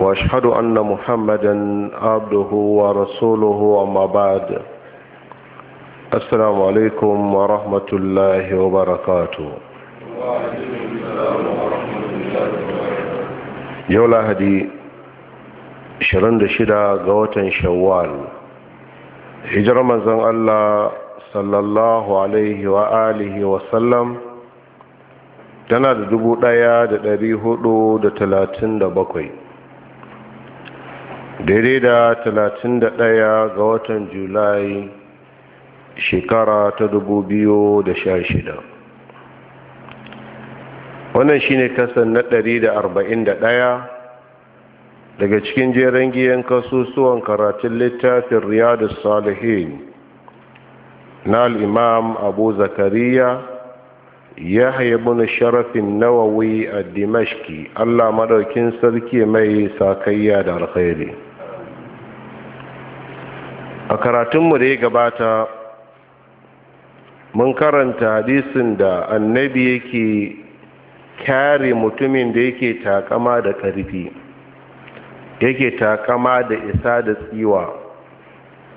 واشهد ان محمدا عبده ورسوله اما بعد السلام عليكم ورحمه الله وبركاته yau lahadi 26 ga watan shawwal hijirar manzon allah sallallahu alaihi wa alihi wa sallam tana da bakwai. daidai da 31 ga watan julai shekara ta 2016 wannan shine kasan na da da 141 daga cikin jeren giyan kasusuwan karatun littafin riyadu salihin na al'imam abu zakariya ya haibun sharafin nawawi a dimashki allah maɗaukin sarki mai sakayya da alkhairi a karatunmu da ya gabata mun karanta hadisin da annabi yake kyare mutumin da yake takama da ƙarfi yake takama da isa da tsiwa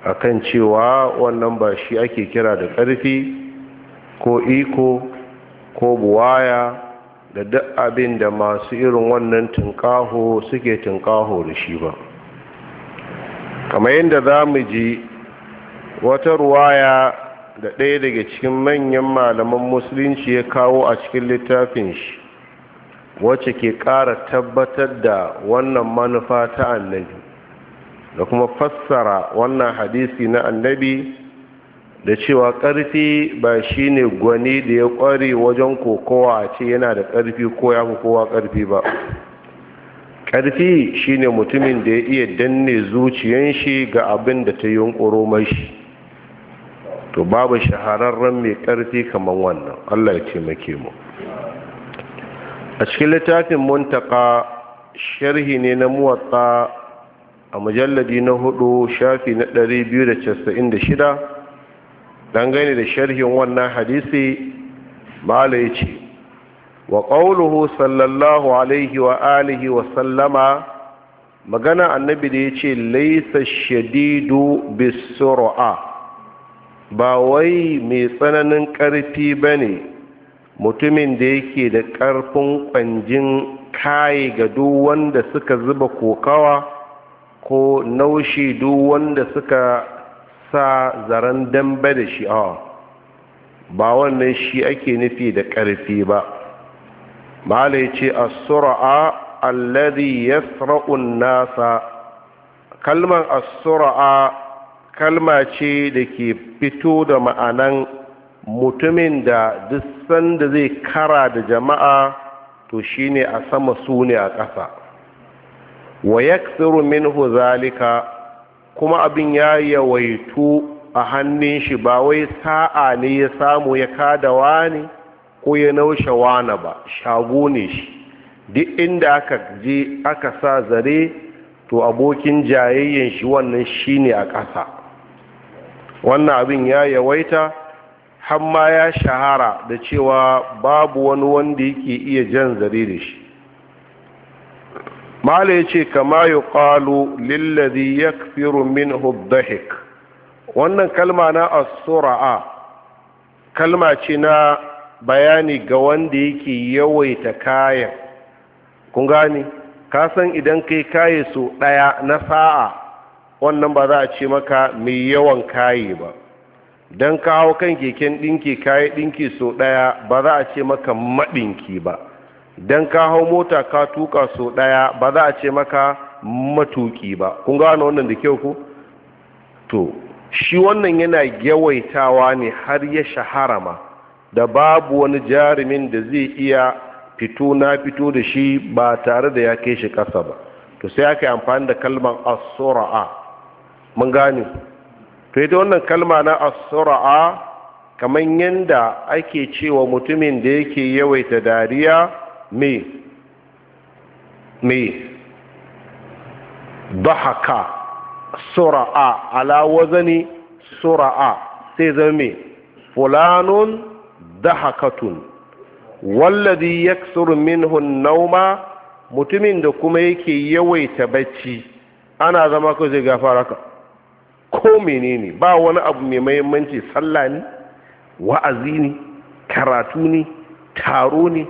akan cewa wannan ba shi ake kira da ƙarfi ko iko ko buwaya da duk abin da masu irin wannan tunƙaho suke tunƙaho da shi ba kamar yadda za mu ji wata ruwaya da ɗaya daga cikin manyan malaman musulunci ya kawo a cikin littafin shi wacce ke ƙara tabbatar da wannan manufa ta annabi da kuma fassara wannan hadisi na annabi da cewa ƙarfi ba shi ne gwani da ya ƙware wajen kokowa a ce yana da ƙarfi ko ya fi kowa ƙarfi ba ƙarfi shine mutumin da ya iya danne zuciyan shi ga abin da ta yunƙuro mashi to babu shahararren mai ƙarfi kamar wannan Allah ya taimake mu a cikin littafin muntaka sharhi ne na muwatsa a mujalladi na hudu shafi na 296 dangane da sharhin wannan hadisi mala ya ce wa ƙauluhu sallallahu alaihi wa alihi wa sallama magana annabi da ya ce laisa shadidu bisur'a ba wai mai tsananin ƙarfi ba ne mutumin da yake da ƙarfin ƙwanjin kaye ga duk wanda suka zuba kokawa ko naushi duk wanda suka sa zaren dambe da shi ba wannan shi ake nufi da ƙarfi ba mala ce as-sura'a alladhi yasra'u nasa Kalmar as-sura'a kalma ce da ke fito da ma'anan mutumin da duk sanda zai kara da jama'a to shine a sama su ne a ƙasa wa yaksiru minhu zalika kuma abin ya yawaitu a hannun shi ba wai sa'a ne ya samu ya kadawa ne ko ya naushe wana ba shago ne shi duk inda aka je aka sa zare to abokin jayayyen shi wannan shi ne a ƙasa wannan abin ya yawaita hamma ya shahara da cewa babu wani wanda yake iya jan zare da shi mala ya ce kama yi ƙalu lillazi ya firu min hudahik wannan kalma na asura'a kalma ce na bayani ga wanda yake yawaita kayan kun gani kasan idan kai kaye so ɗaya na sa'a wannan ba za a ce maka mai yawan kaye ba don kawo kan keken ɗinki kaye ɗinki so ɗaya ba za a ce maka maɗinki ba don kawo mota ka tuka so ɗaya ba za a ce maka matuki ba kun gane wannan da kyau ku to shi wannan yana yawaitawa ne har ya shahara ma da babu wani jarumin da zai iya fito na fito da shi ba tare da ya kai shi kasa ba to sai aka yi amfani da kalmar asura'a mun gane to ita wannan kalma na asura'a kamar yadda ake cewa mutumin da yake yawaita dariya mai me dahaka sura'a ala wazani sura'a sai zama mai fulanun dahakatun wallazi yaksuru minhu nauma mutumin da kuma yake yawaita bacci ana zama ko zai gafara ka ko menene ba wani abu mai mahimmanci sallah ne wa'azi ne karatu ne taro ne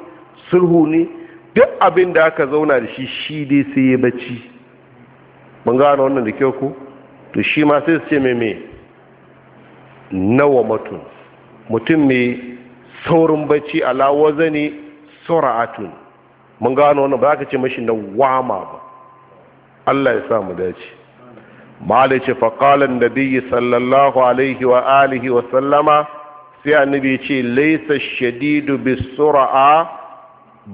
sulhu ne duk abin da aka zauna da shi shi dai sai ya bacci mun gane wannan da kyau ko to shi ma sai su ce mai me nawa mutum mutum mai saurin bacci ala wazani sura'atun mun gano wannan ba ka ce mashi na wama ba Allah ya sa mu dace malice faƙalan da biyu sallallahu alaihi wa alihi wa sallama sai annabi ce laisa shadidu bi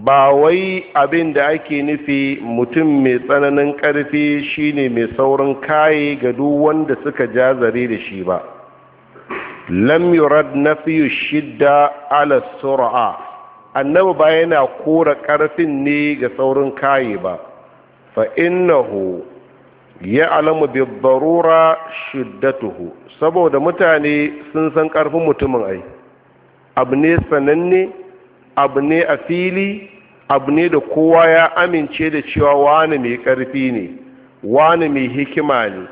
ba wai abin da ake nufi mutum mai tsananin ƙarfi shine mai saurin kaye ga duk wanda suka zare da shi ba lam yurad nafiyu shidda ala sur'a annabi ba yana kora karfin ne ga saurin kaye ba fa innahu ya'lamu bi darura shiddatuhu saboda mutane sun san karfin mutumin ai abu ne sananne abu ne a fili abu ne da kowa ya amince da cewa wani mai ƙarfi ne wani mai hikima ne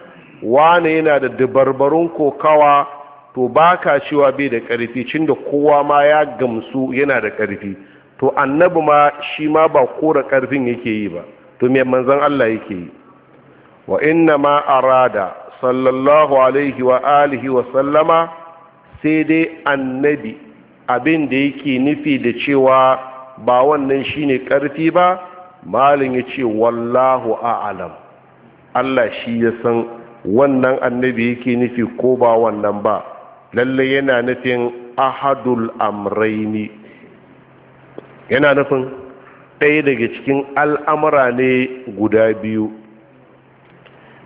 wani yana da dabarbarun kokawa to ba ka cewa bai da ƙarfi cin da kowa ma ya gamsu yana da ƙarfi to annabi ma shi ma ba kora ƙarfin yake yi ba to mai manzan Allah yake yi wa inna ma arada sallallahu alaihi wa alihi wa sallama sai dai annabi abin da yake nufi da cewa ba wannan shi ne ƙarfi ba malin ya ce wallahu a'alam Allah shi ya san wannan annabi yake nufi ko ba wannan ba Lallai yana nufin ahadul amraini yana nufin ɗaya daga cikin al'amura ne guda biyu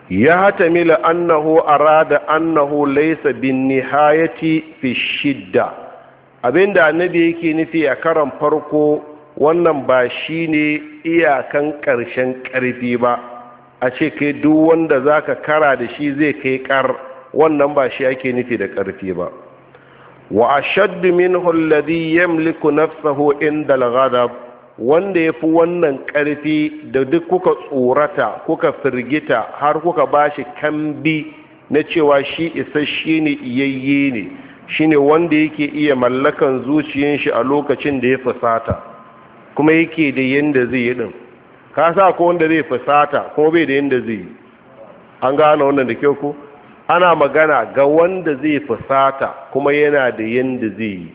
ya mila annahu arada annahu laisa bin nihayati fi shidda abinda annabi yake nufi a karan farko wannan ba shi ne iyakan ƙarshen ƙarfi ba a ce kai duk wanda zaka kara da shi zai kai ƙar wannan ba shi ake nufi da ƙarfi ba wa ashaddu minhu alladhi yamliku nafsahu inda al-ghadab wanda yafi wannan ƙarfi da duk kuka tsorata kuka firgita har kuka bashi kambi na cewa shi shi ne iyayye ne shi ne wanda yake iya mallakan zuciyar shi a lokacin da ya fusata kuma yake da yanda zai yi din ka sa ko wanda zai fusata ko bai da yanda zai yi an gane wannan da kyau ko ana magana ga wanda zai fusata kuma yana da yanda zai yi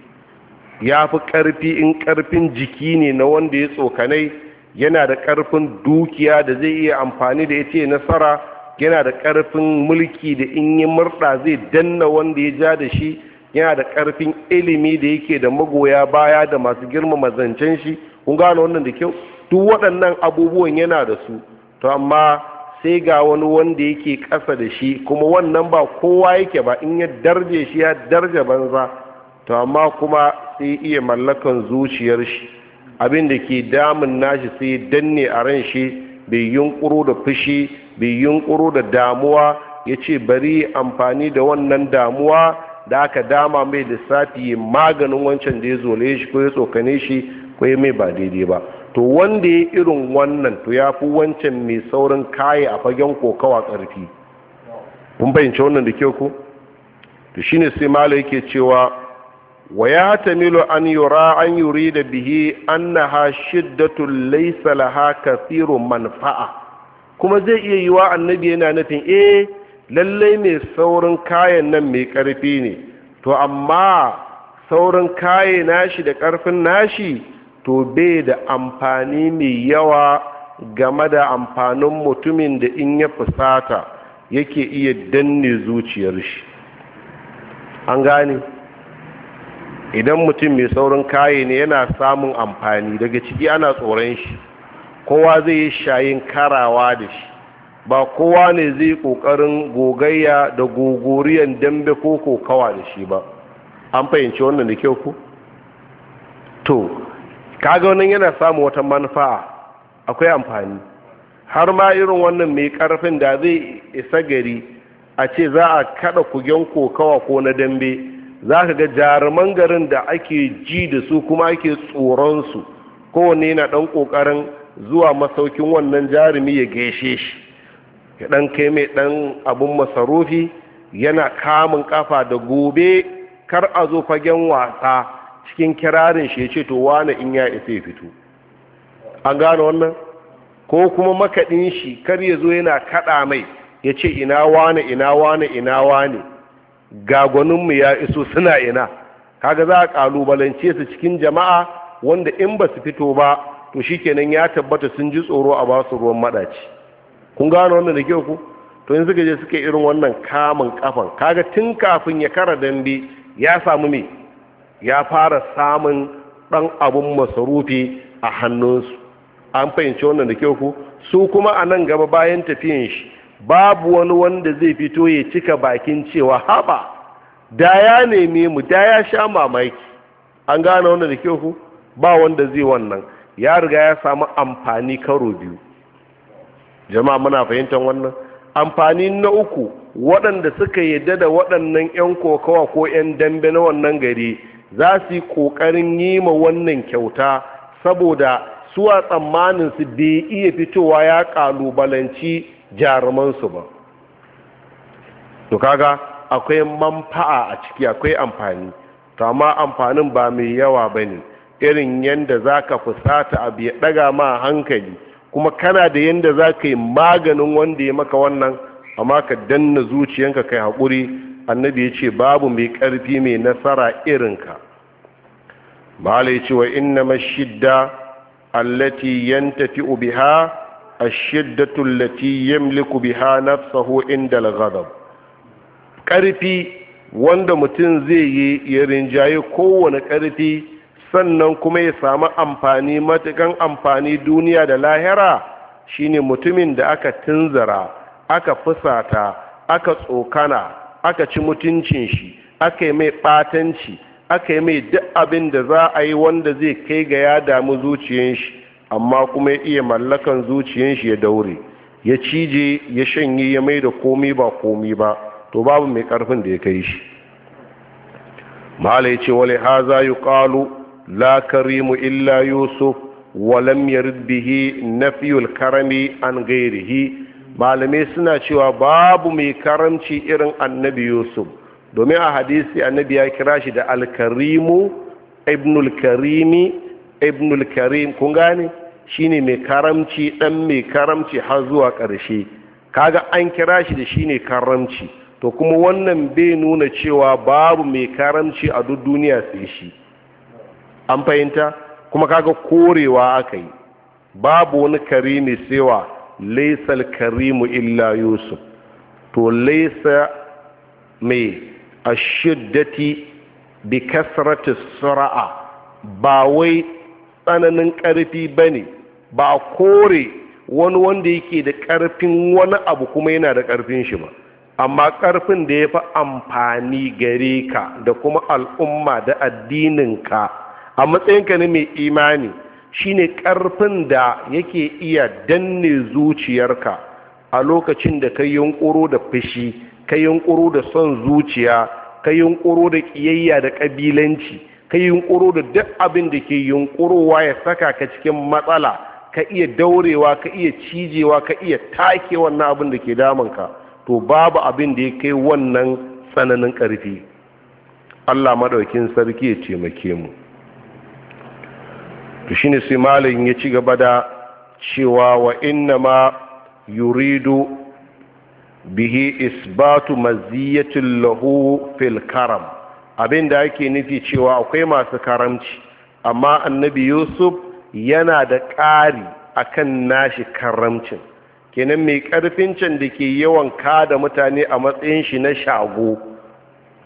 ya fi ƙarfi in ƙarfin jiki ne na wanda ya tsokanai yana da ƙarfin dukiya da zai iya amfani da ya ce nasara yana da ƙarfin mulki da in yi murɗa zai danna wanda ya ja da shi yana da ƙarfin ilimi da yake da magoya baya da masu girmama zancen shi kun gane wannan da kyau duk waɗannan abubuwan yana da su to amma sai ga wani wanda yake ƙasa da shi kuma wannan ba kowa yake ba in ya darje shi ya darje banza to amma kuma sai iya mallakan zuciyar shi abin da ke damun nashi sai ya danne a ran shi bai yunkuro da fushi bai yunkuro da damuwa ya ce bari amfani da wannan damuwa da aka dama mai lissafi maganin wancan da ya zole shi ko ya tsokane shi ko ya mai ba daidai ba to wanda ya irin wannan to ya fi wancan mai saurin kaye a fagen kokawa ƙarfi kun bayyance wannan da ke ku to shine sai mala yake cewa wa ya tamilu an yura an yuri da bihi laisa shiddatun laysa laha kathiru manfa'a kuma zai iya yiwa annabi yana nufin e lallai mai saurin kayan nan mai ƙarfi ne to amma saurin kaye nashi da ƙarfin nashi to bai da amfani mai yawa game da amfanin mutumin da in ya fusata yake iya danne zuciyar shi an gane idan mutum mai saurin kaye ne yana samun amfani daga ciki ana tsoron shi kowa zai yi shayin karawa da shi ba kowa ne zai kokarin gogayya da gogoriyan dambe ko kokawa da shi ba an fahimci wannan da kyau ku to kaga wannan yana samu wata manufa akwai amfani har ma irin wannan mai karfin da zai isa gari a ce za a kada kugen kokawa ko na dambe za ka ga jaruman garin da ake ji da su kuma ake tsoronsu kowanne yana ɗan ƙoƙarin zuwa masaukin wannan jarumi ya gaishe shi ya ɗan kai mai ɗan abun masarufi yana kamun kafa da gobe kar a zo fagen wasa cikin kirarin shi ya ce to wane in ya isa ya fito an gano wannan ko kuma makaɗin shi kar ya zo yana kaɗa mai ya ce ina wane ina wane ina wane gagwaninmu ya iso suna ina kaga za a ƙalubalance su cikin jama'a wanda in ba su fito ba to shi kenan ya tabbata sun ji tsoro a ba su ruwan maɗaci kun gano wannan da kyau ku to in suka je suka irin wannan kamun kafan kaga tun kafin ya kara dambe ya samu me ya fara samun ɗan abun masarufi a hannunsu an fahimci wannan da kyau ku su kuma a nan gaba bayan tafiyan shi babu wani wanda zai fito ya cika bakin cewa haba da ya neme mu da ya sha mamaki an gane wannan da kyau ku ba wanda zai wannan ya riga ya samu amfani karo biyu jama'a muna fahimtar wannan amfani na uku waɗanda suka yadda da waɗannan 'yan kokawa ko 'yan dambe na wannan gari za su yi ƙoƙarin yi ma wannan kyauta saboda suwa tsammaninsu bai iya fitowa ya ƙalubalanci jarumansu ba to kaga akwai manfa'a a ciki akwai amfani to amma amfanin ba mai yawa ba ne irin yadda za ka fusata a biya ɗaga ma hankali kuma kana da yadda za ka yi maganin wanda ya maka wannan amma ka danna zuciyanka kai haƙuri annabi ya ce babu mai ƙarfi mai nasara irinka malai cewa inna mashidda allati ubiha biha ashiddatu allati yamliku biha nafsahu inda al ƙarfi wanda mutum zai yi ya rinjaye kowane ƙarfi sannan kuma ya samu amfani matukan amfani duniya da lahira shine mutumin da aka tunzara aka fusata aka tsokana aka ci mutuncin shi aka yi mai ɓatanci aka yi mai duk abin da za a yi wanda zai kai ga ya damu zuciyan shi amma kuma ya iya mallakan zuciyan shi ya daure ya cije ya shanye ya mai da komi ba komi ba to babu mai karfin da ya kai shi mahala ya ce wale za yi ƙalu la karimu illa yusuf walam yarid bihi nafiyul karami an gairihi malamai suna cewa babu mai karamci irin annabi yusuf domin a hadisi annabi ya kira shi da alkarimu ibnul karimi ibnul karim kun gane shine mai karamci dan mai karamci har zuwa karshe kaga an kira shi da shine karamci to kuma wannan bai nuna cewa babu mai karamci a duk duniya sai shi an fahimta kuma kaga korewa aka yi babu wani karimi wa. laisal karimu illa yusuf to laisa mai ashiddati bi kasratis sura'a ba wai tsananin ƙarfi ne ba kore wani wanda yake da ƙarfin wani abu kuma yana da ƙarfin shi ba amma ƙarfin da ya fi amfani gare ka da kuma al'umma da addininka a matsayinka ne mai imani shine ƙarfin da yake iya danne zuciyarka a lokacin da ka yunkuro da fushi ka yunkuro da son zuciya ka yunkuro da kiyayya da kabilanci ka yunkuro da duk abin da ke yunkurowa ya saka ka cikin matsala ka iya daurewa ka iya cijewa ka iya take wannan abin da ke damunka to babu abin da ya kai wannan tsananin ƙarfi. Allah madaukin sarki ya taimake mu to shine sai malin ya ci gaba da cewa wa innama ma yuridu bihi isbatu maziyatin lahu fil karam abin da ake nufi cewa akwai masu karamci amma annabi yusuf yana da ƙari akan nashi karamcin kenan mai ƙarfin can da ke yawan da mutane a matsayin shi na shago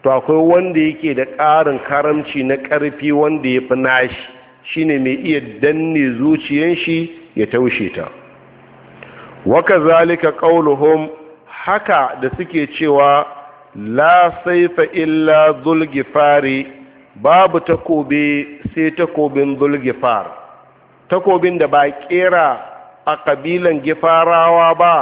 to akwai wanda yake da ƙarin karamci na ƙarfi wanda ya fi nashi shine mai iya danne zuciyan shi ya taushe ta waka zalika qauluhum haka da suke cewa la saifa illa zulgifari babu takobi sai takobin zulgifar takobin da ba kera a kabilan gifarawa ba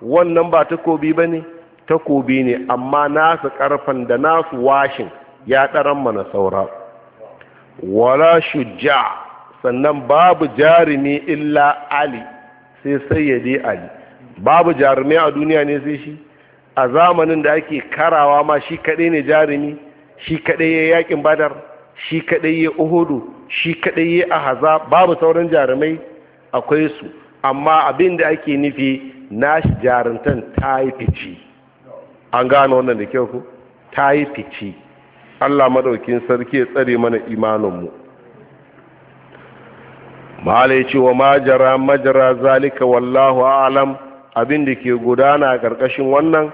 wannan ba takobi ba ne takobi ne amma nasu karfan da nasu washin ya ɗaran mana saura wala shujja sannan babu jarumi illa ali sai sayyade ali babu jarumi a duniya ne sai shi a zamanin da ake karawa ma shi kadai ne jarumi shi kadai ya yakin badar shi kadai ya uhudu shi kadai ya ahaza babu sauran jarumai akwai su amma abin da ake nufi na jaruntan ta yi fici an gano wannan da kyau ku ta yi fici Allah madaukin sarki ya tsare mana imaninmu mahala ya ce wa majara majara zalika wallahu alam abin da ke gudana a ƙarƙashin wannan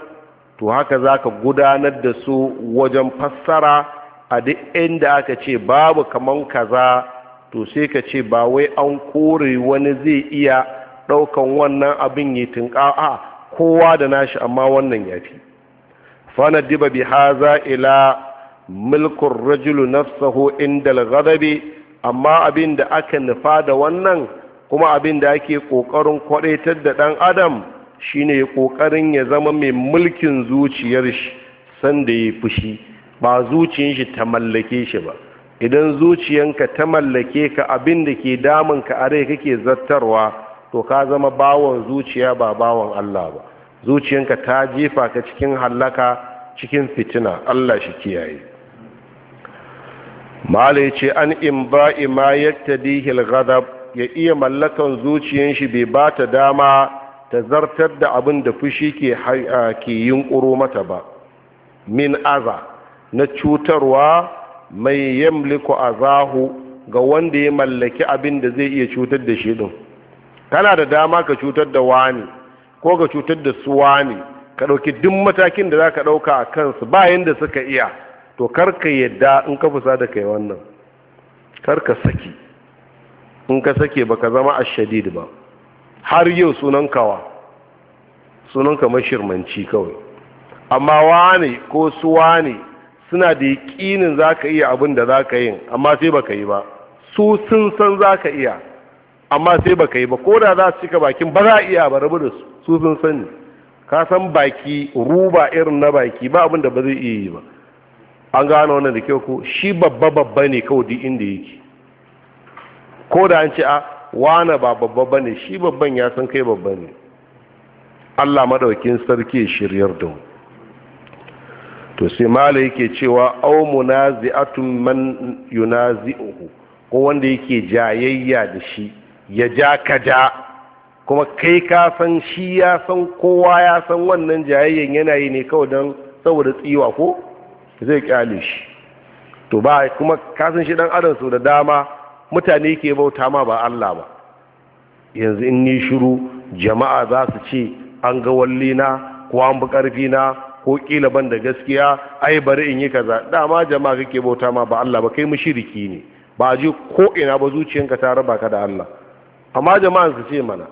to haka za ka gudanar da su wajen fassara a duk inda aka ce babu kaman kaza to sai ka ce ba wai an kore wani zai iya ɗaukan wannan abin yi tunka a kowa da nashi amma wannan ya fi fana diba bi haza ila mulkun rajulu nafsahu indal ghadabi amma abin da aka nufa da wannan kuma abin da ake ƙoƙarin kwaɗaitar da ɗan adam shine ƙoƙarin ya zama mai mulkin zuciyar shi sanda ya fushi ba zuciyar shi ta mallake shi ba idan zuciyanka ta mallake ka abin da ke ka a rai kake zartarwa to ka zama bawon zuciya ba bawon Allah ba zuciyanka ta jefa ka cikin hallaka cikin fitina Allah shi kiyaye malai ce an in ba'i ma yaktadihi al ya iya mallakan zuciyan shi bai ba ta dama ta zartar da abin da fushi ke ke mata ba min aza na cutarwa mai yamliku azahu ga wanda ya mallaki abin da zai iya cutar da shi din kana da dama ka cutar da wani ko ka cutar da su ka ɗauki duk matakin da za ka ɗauka a kansu bayan da suka iya to karka yadda in ka fusa da kai wannan karka saki in ka sake baka zama ashadid ba har yau sunan kawa sunan kamar mashirmanci kawai amma ne, ko su wane suna da yakinin zaka iya abin da zaka yin amma sai baka yi ba su sun san zaka iya amma sai baka yi ba ko da za su cika bakin ba za a iya ba rabu da su sun sani ka san baki ruba irin na baki ba abin da ba zai iya yi ba an gano wannan da kyau ko shi babba babba ne kawai duk inda yake ko da an ce a wane ba babba ba ne shi babban ya san kai babba ne allah madaukin sarki shiryar da mu to sai mala yake cewa au munazi'atun man uku ko wanda yake jayayya da shi ya ja ka ja kuma kai ka san shi ya san kowa ya san wannan jayayyan yana yi ne kawai don saboda tsiwa ko zai kyale shi to ba kuma kasan shi dan adam su da dama mutane ke bauta ma ba Allah ba yanzu in ni shiru jama'a za su ce an ga wallina ko an bi karfi na ko kila ban da gaskiya ai bari in yi kaza dama jama'a kake bauta ma ba Allah ba kai mushriki ne ba ji ko ina ba zuciyanka ta raba ka da Allah amma jama'a su ce mana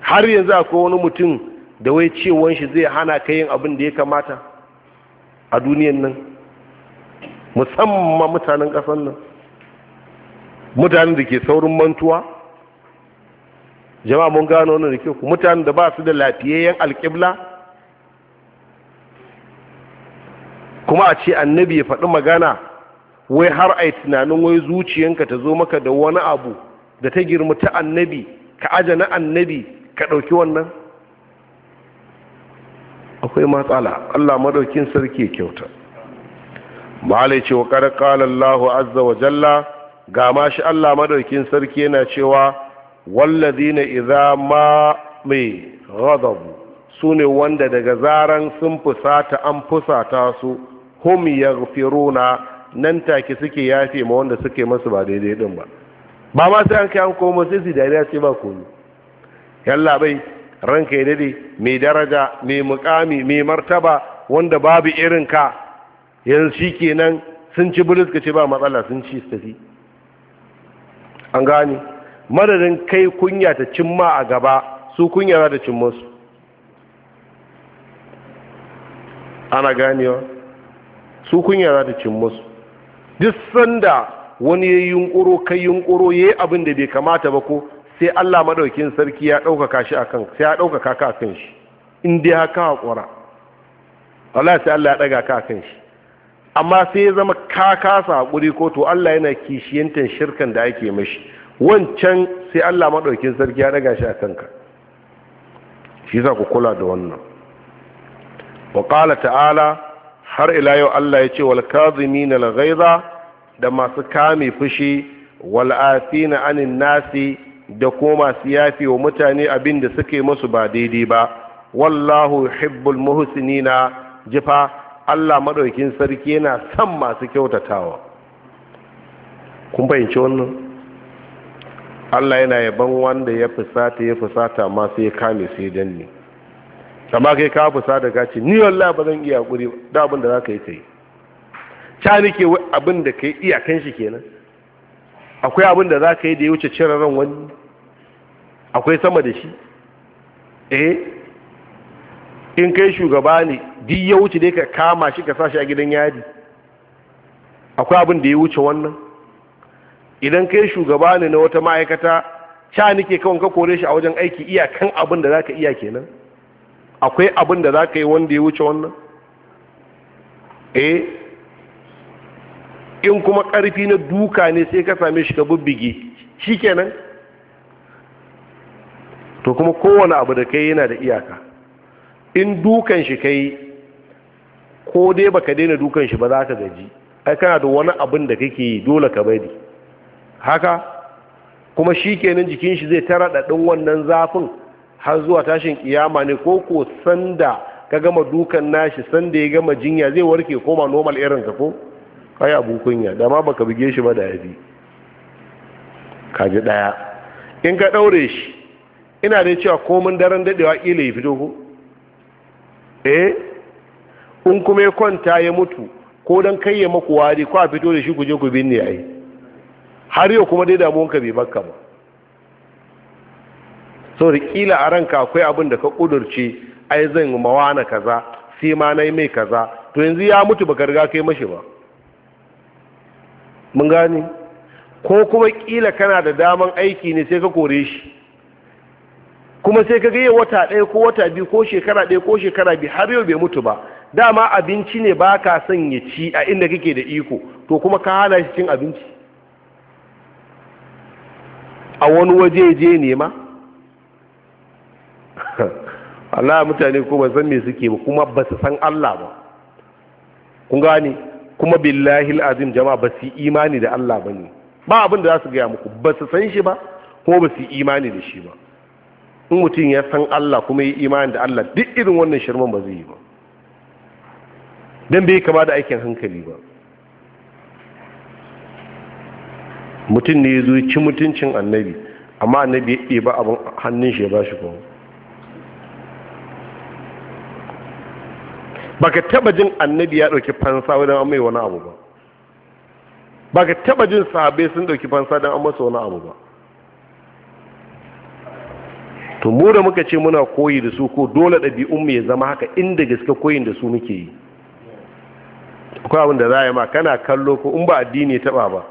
har yanzu akwai wani mutum da wai cewan shi zai hana kai yin abin da ya kamata a duniyan nan musamman mutanen ƙasar nan mutanen da ke saurin mantuwa jama'a mun gano wannan da ke ku mutanen da ba su da lafiyayyen alƙibla kuma a ce annabi ya faɗi magana wai har a yi tunanin wai zuciyanka ta zo maka da wani abu da ta girma ta annabi ka aje na annabi ka ɗauki wannan akwai matsala Allah maɗaukin sarki kyauta malai ce wa karkala Allah azza wa jalla ga ma shi Allah maɗaukin sarki yana cewa wallazina idza ma mai ghadabu sune wanda daga zaran sun fusata an fusata su hum yaghfiruna nan take suke yafe ma wanda suke masu ba daidai din ba ba ma sai an kai an komo sai su dariya sai ba komi yalla bai ranka ya dade mai daraja mai mukami mai martaba wanda babu irin ka yanzu shi kenan sun ci bulis ka ce ba matsala sun ci su tafi an gane madadin kai kunya ta cimma a gaba su kunya za ta cimma su ana wa su kunya za ta cimma su duk sanda wani ya yunkuro kai yunkuro ya yi abin da bai kamata ba ko sai Allah madaukin sarki ya ɗaukaka shi akan sai ya ɗaukaka ka kan shi in dai haka haƙura Allah sai Allah ya ɗaga ka kan shi amma sai ya zama ka kasa haƙuri ko to Allah yana kishiyantar shirkan da ake mashi wancan sai Allah maɗaukin sarki ya ɗaga shi a kanka shi za ku kula da wannan wa ƙala ta'ala har ila yau Allah ya ce wal kazimi na lagaiza da masu kame fushi wal afi na anin nasi da ko masu yafe wa mutane abin da suke musu ba daidai ba wallahu hibbul muhsinina jifa Allah madaukin sarki yana son masu kyautatawa kun fahimci wannan Allah yana yaban wanda ya fusata ya fusata ma sai ya kame sai danne amma kai ka fusata da gaci ni wallahi ba zan iya hakuri da abin da zaka yi kai cha nake abin da kai kan shi kenan akwai abin da za ka yi da ya wuce cire ran wani akwai sama da shi eh in kai shugaba ne di ya wuce dai ka kama shi ka sa shi a gidan yadi akwai abin da ya wuce wannan idan kai shugaba ne na wata ma'aikata sha nike kawon ka kore shi a wajen aiki iya kan abin da za ka iya kenan akwai abin da za ka yi wanda ya wuce wannan eh in kuma ƙarfi na duka ne sai ka same shi ka bubbige shi kenan to kuma kowane abu da kai yana da iyaka in dukan shi kai ko dai baka daina dukan shi ba za ka gaji ai kana da wani abin da kake yi dole ka bari haka kuma shi kenan jikin shi zai tara daɗin wannan zafin har zuwa tashin kiyama ne ko ko sanda ka gama dukan nashi sanda ya gama jinya zai warke koma normal irin ka ko ai abu kunya da ma baka buge shi ba da yabi kaji daya in ka daure shi ina da cewa komin daren dadewa ila ya fito ko eh in kuma ya kwanta ya mutu ko dan kai ya maku wari ko a fito da shi ku je ku binne ai har yau kuma dai damuwan ka bai bakka ba da kila a ranka akwai abin da ka kudurce ai zan mawana kaza sai ma yi mai kaza to yanzu ya mutu baka riga kai mashi ba mun gane ko kuma kila kana da daman aiki ne sai ka kore shi kuma sai ka gaya wata ɗaya ko wata biyu ko shekara ɗaya ko shekara biyu har yau bai mutu ba dama abinci ne ba ka son ya ci a inda kake da iko to kuma ka hana shi cin abinci a wani waje je nema Allah mutane ko san me suke ba kuma ba su san Allah ba kun gane kuma billahi azim jama'a ba su imani da Allah ba ne ba abin da za su gaya muku ba su san shi ba ko ba su imani da shi ba in mutum ya san Allah kuma yi imani da Allah duk irin wannan shirman ba zai yi ba don bai kama da aikin hankali ba mutum ne ya zo ci mutuncin annabi amma annabi ya ba abin hannun shi ya ba shi kuma Ba ka taba jin annabi ya ɗauki fansa wajen an mai wani abu ba Ba ka taba jin sahabe sun ɗauki fansa don an masa wani abu ba to mu da muka ce muna koyi da su ko dole ɗabi'un mu ya zama haka inda gaske koyin da su muke yi akwai abin da za a yi ma kana kallo ko in ba addini taɓa ba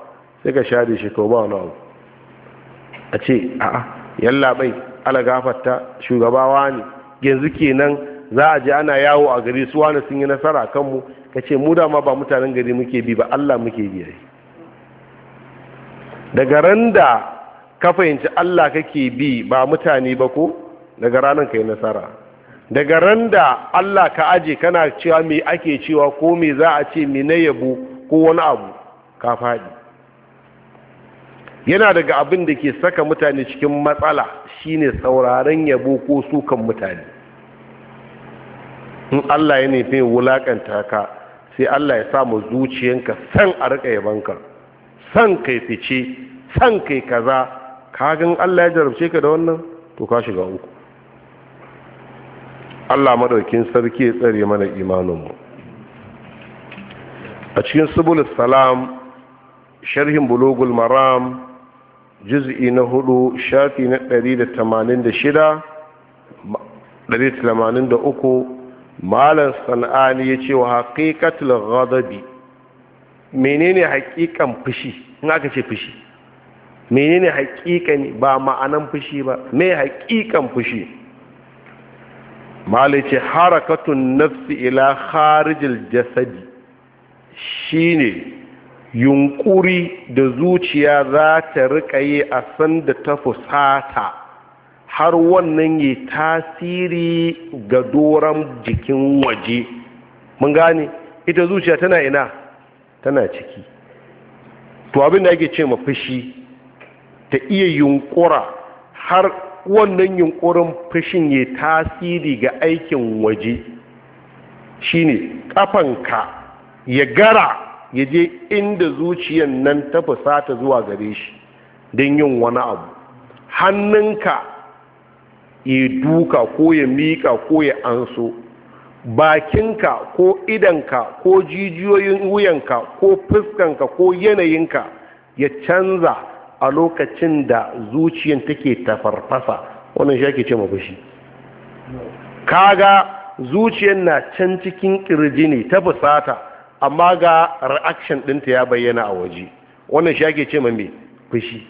sai ka sha da shekaru ba wani abu a ce a'a yalla bai ala gafarta shugabawa ne yanzu kenan za a je ana yawo a gari su wani sun yi nasara a kanmu ka ce mu dama ba mutanen gari muke bi ba Allah muke biya daga ran da ka fahimci Allah kake bi ba mutane ba ko daga ranar ka yi nasara daga ran da Allah ka aje kana cewa me ake cewa ko me za a ce me na yabo ko wani abu ka faɗi yana daga abin da ke saka mutane cikin matsala shine sauraren yabo ko sukan mutane in Allah ya nufi wulakanta ka sai Allah ya samu zuciyanka san a rika yabanka san kai fice san kai kaza kagan Allah ya jarabce ka da wannan to ka shiga uku Allah madaukin sarki ya tsare mana imaninmu a cikin subulus salam sharhin bulugul maram juz'i na hudu shafi na 186 malam san'ani ya ce wa haƙiƙatul ghadabi menene haƙiƙan fushi in aka ce fushi menene haƙiƙan ba ma'anan fushi ba me haƙiƙan fushi malar ce harakatun nafsi ila kharijil jasadi shine yunkuri da zuciya za ta riƙa a sanda ta fusata har wannan ya tasiri ga doron jikin waje mun gane ita zuciya tana ina tana ciki to abin da ake ce ma fushi ta iya yunkura har wannan yunkurin fushin ya tasiri ga aikin waje shine kafanka ya gara ya je inda zuciyan nan ta fusata zuwa gare shi don yin wani abu hannunka ya duka ko ya mika ko ya anso bakinka ko idanka ko jijiyoyin wuyanka ko fuskanka ko yanayinka ya canza a lokacin da zuciyan take tafarfasa wannan shi ake ce mafushi kaga zuciyan na can cikin kirji ne ta fusata amma ga reaction ɗinta ya bayyana a waje wannan shi ake ce mai fushi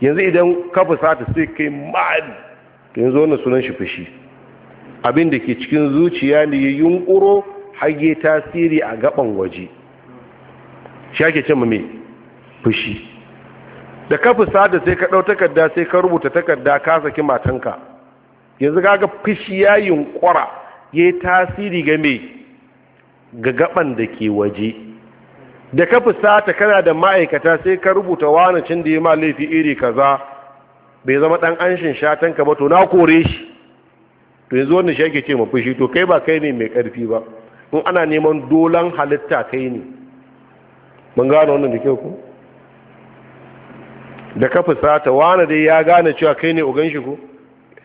yanzu idan ka fusata sai kai ma'adi to yanzu na sunan shi fushi abin ke cikin zuciya ne ya yunkuro hage tasiri a gaban waje shi ake cin mai fushi da ka fi sada sai ka ɗau takarda sai ka rubuta takarda ka saki matanka yanzu kaga fushi ya yunkura ya yi tasiri ga mai ga gaban da ke waje da ka fi sata kana da ma'aikata sai ka rubuta wani cin da ya ma laifi iri kaza bai zama ɗan anshin shatanka ba to na kore shi to yanzu wannan shi ake ce ma fushi to kai ba kai ne mai ƙarfi ba in ana neman dolan halitta kai ne mun gano wannan da kyau ku da ka fusata wani dai ya gane cewa kai ne ugan shi ku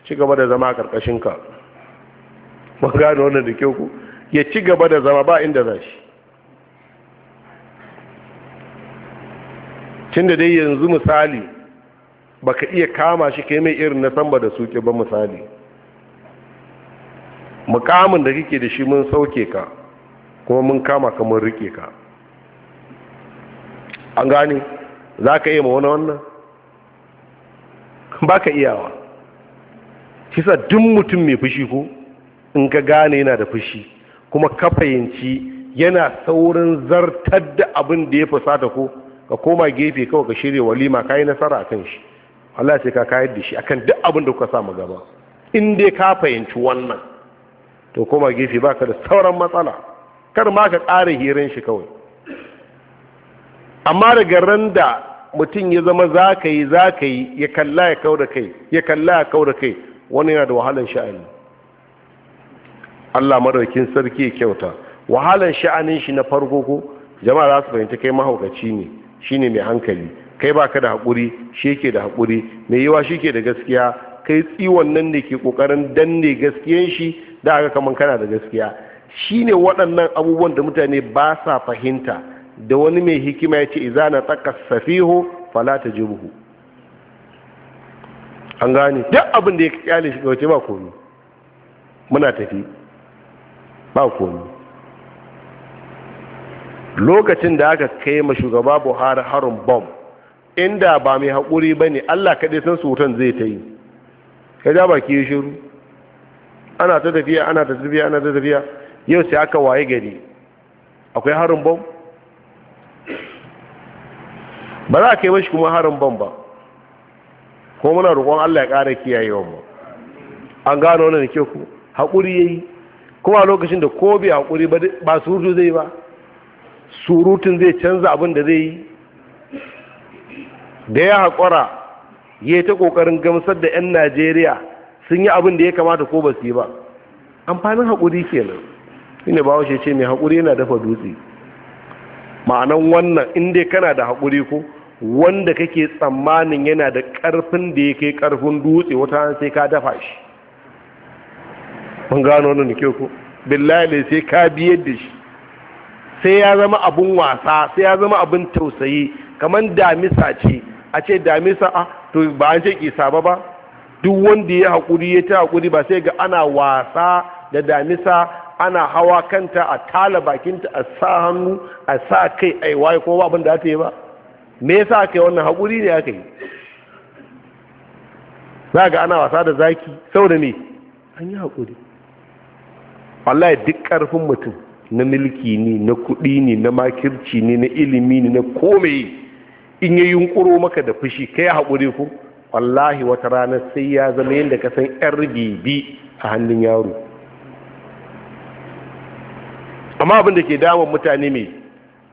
ci gaba da zama a ka mun gano wannan da kyau ku ya ci gaba da zama ba inda za shi tun da dai yanzu misali baka iya kama shi yi mai irin na samba da suke ba misali mukamin da kike da shi mun sauke ka kuma mun kama ka mun rike ka an gane za ka iya mawana wannan ba ka iyawa kisa duk mutum mai fushi ko in ka gane yana da fushi kuma ka yana saurin zartar da abin da ya fusata ko ka koma gefe kawai ka shirya walima ka yi nasara a kan shi Allah sai ka kayar da shi akan duk abin da kuka sa mu gaba in dai ka fahimci wannan to koma gefe baka da sauran matsala kar ma ka ƙara hirin shi kawai amma daga ran da mutum ya zama za ka yi za ka yi ya kalla ya kau da kai ya kalla ya kau da kai wani yana da wahalan sha'ani Allah madaukin sarki ya kyauta wahalan sha'anin shi na farko ko jama'a za su fahimci kai mahaukaci ne shine mai hankali kai baka da haƙuri shi ke da haƙuri mai yiwa shi ke da gaskiya kai tsiwon nan ne ke ƙoƙarin danne gaskiyan shi da aka kaman kana da gaskiya shi ne waɗannan abubuwan da mutane ba sa fahimta da wani mai hikima ya ce iza na tsaka safiho fala ta jibuhu an gane duk abin da ya kyale shi kawace ba komi muna tafi ba komi lokacin da aka kai ma shugaba buhari harin bom inda ba mai haƙuri ba ne allah kaɗai san sutan zai ta yi ka ja baki ya shiru ana ta tafiya ana ta tafiya ana ta tafiya yau sai aka waye gari akwai harin bom ba za a kai mashi kuma harin bom ba ko muna roƙon allah ya ƙara wa mu an gano wannan ke ku haƙuri ya yi kuma lokacin da ko bai haƙuri ba surutu zai ba surutun zai canza abin da zai yi da ya haƙura ya yi ta ƙoƙarin gamsar da 'yan najeriya sun yi abin da ya kamata ko ba su yi ba amfanin haƙuri kenan shine ba washe ce mai haƙuri yana dafa dutse ma'anan wannan inda kana da haƙuri ko wanda kake tsammanin yana da ƙarfin da ya kai ƙarfin dutse wata sai ka dafa shi mun gano wannan ke ku billahi sai ka biyar da shi sai ya zama abin wasa sai ya zama abin tausayi kamar damisa ce a ce damisa sa'a ah, to ba an ce kisa ba ba duk wanda ya haƙuri ya ta haƙuri ba sai ga ana wasa da damisa ana hawa kanta a tala bakinta a sa hannu a sa kai ai waye ko abin da ta yi ba me yasa aka wannan haƙuri ne aka yi za ga ana wasa da zaki saboda ne an yi haƙuri wallahi duk ƙarfin mutum na milki ne na kuɗi ne na makirci ne na ilimi ne na komai in ya yunkuro maka da fushi kai haƙuri ku wallahi wata rana sai ya zama yadda ka san yan ribibi a hannun yaro amma abin da ke damun mutane mai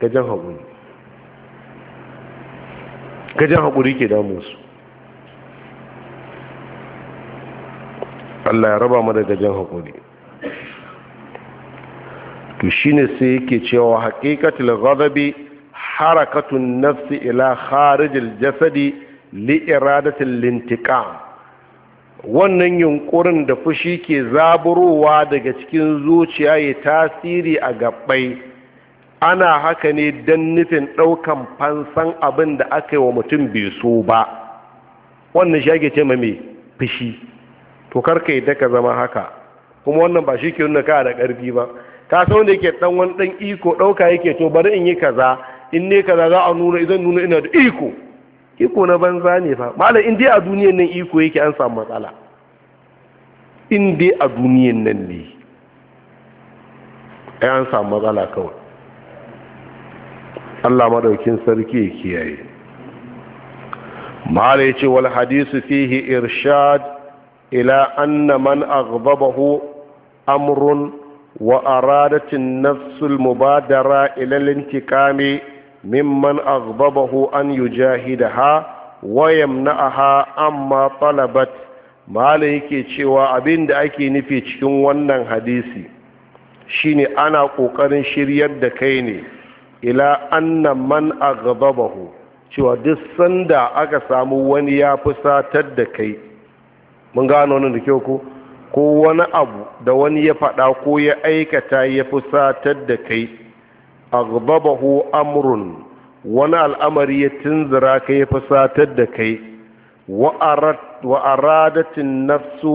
gajen haƙuri gajen haƙuri ke damun su Allah ya raba mana gajen haƙuri to shine sai yake cewa haƙiƙatul ghadabi harakatun nafsi ila kharijil jasadi li iradatil lintiqam wannan yunkurin da fushi ke zaburowa daga cikin zuciya ya tasiri a gabbai ana haka ne don nufin ɗaukan fansan abin da aka yi wa mutum bai so ba wannan shi ake ce ma mai fushi to karka yi daga zama haka kuma wannan ba shi ke nuna ka da ƙarfi ba ka san wanda yake ɗan wani ɗan iko ɗauka yake to bari in yi kaza in ne kaza za a nuna idan nuna ina da iko iko na banza ne fa malam in dai a duniyan nan iko yake an samu matsala in dai a duniyan nan ne ai an samu matsala kawai Allah madaukin sarki ya kiyaye malai ce wal hadisu fihi irshad ila anna man aghdabahu amrun wa aradatin nafsul mubadara ila lintikami mimman aghdabahu an yujahidaha wa yamna'aha amma talabat malai yake cewa abinda ake nufi cikin wannan hadisi shine ana kokarin shiryar da kai ne ila anna man aghdabahu cewa duk sanda aka samu wani ya fusatar da kai mun gano wannan da kyau ko wani abu da wani ya faɗa ko ya aikata ya fi satar da kai aghdabahu amrun wani al'amari ya tunzura ka ya fasatar da kai wa aradatin nafsu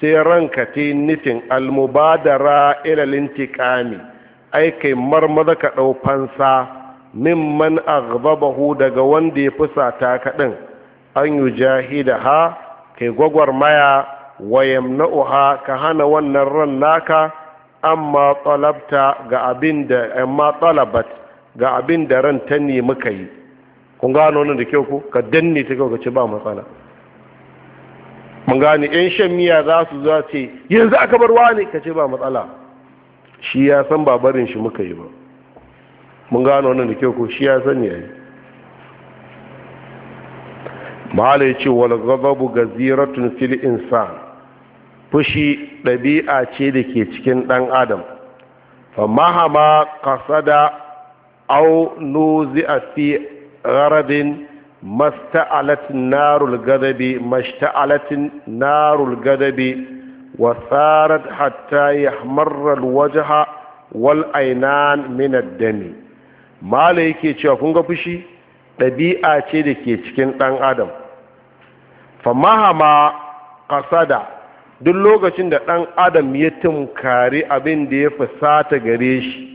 sai ranka ta nufin almubadara ilalin tikami kai marmaza ka ɗau fansa mimman aghdabahu daga wanda ya fusata kaɗan an yi jahida ha kai gwagwarmaya wa ha? ka hana wannan ran naka amma talabta ga abin da amma talabat ga abin da ran ta nemi ka yi kun gano wannan da kyau ko ka danne ta kyau ka ci ba matsala mun gane yan shan miya za su zuwa ce yanzu aka bar wani ka ce ba matsala shi ya san ba barin shi muka yi ba mun gano wannan da kyau ko shi ya ya yayi mahala ce wal ghadabu gaziratun fil insan fushi ɗabi'a ce da ke cikin ɗan adam famahama kasada au a fi gharabin masta'alatin narul gadabi mashta'alatin narul gadabi wasarat hatta yahmarra ha wal aynan minar dami mala yake cewa kun ga fushi ɗabi'a ce da ke cikin ɗan adam famahama kasada duk lokacin da ɗan adam ya tunkari abin da ya fusata gare shi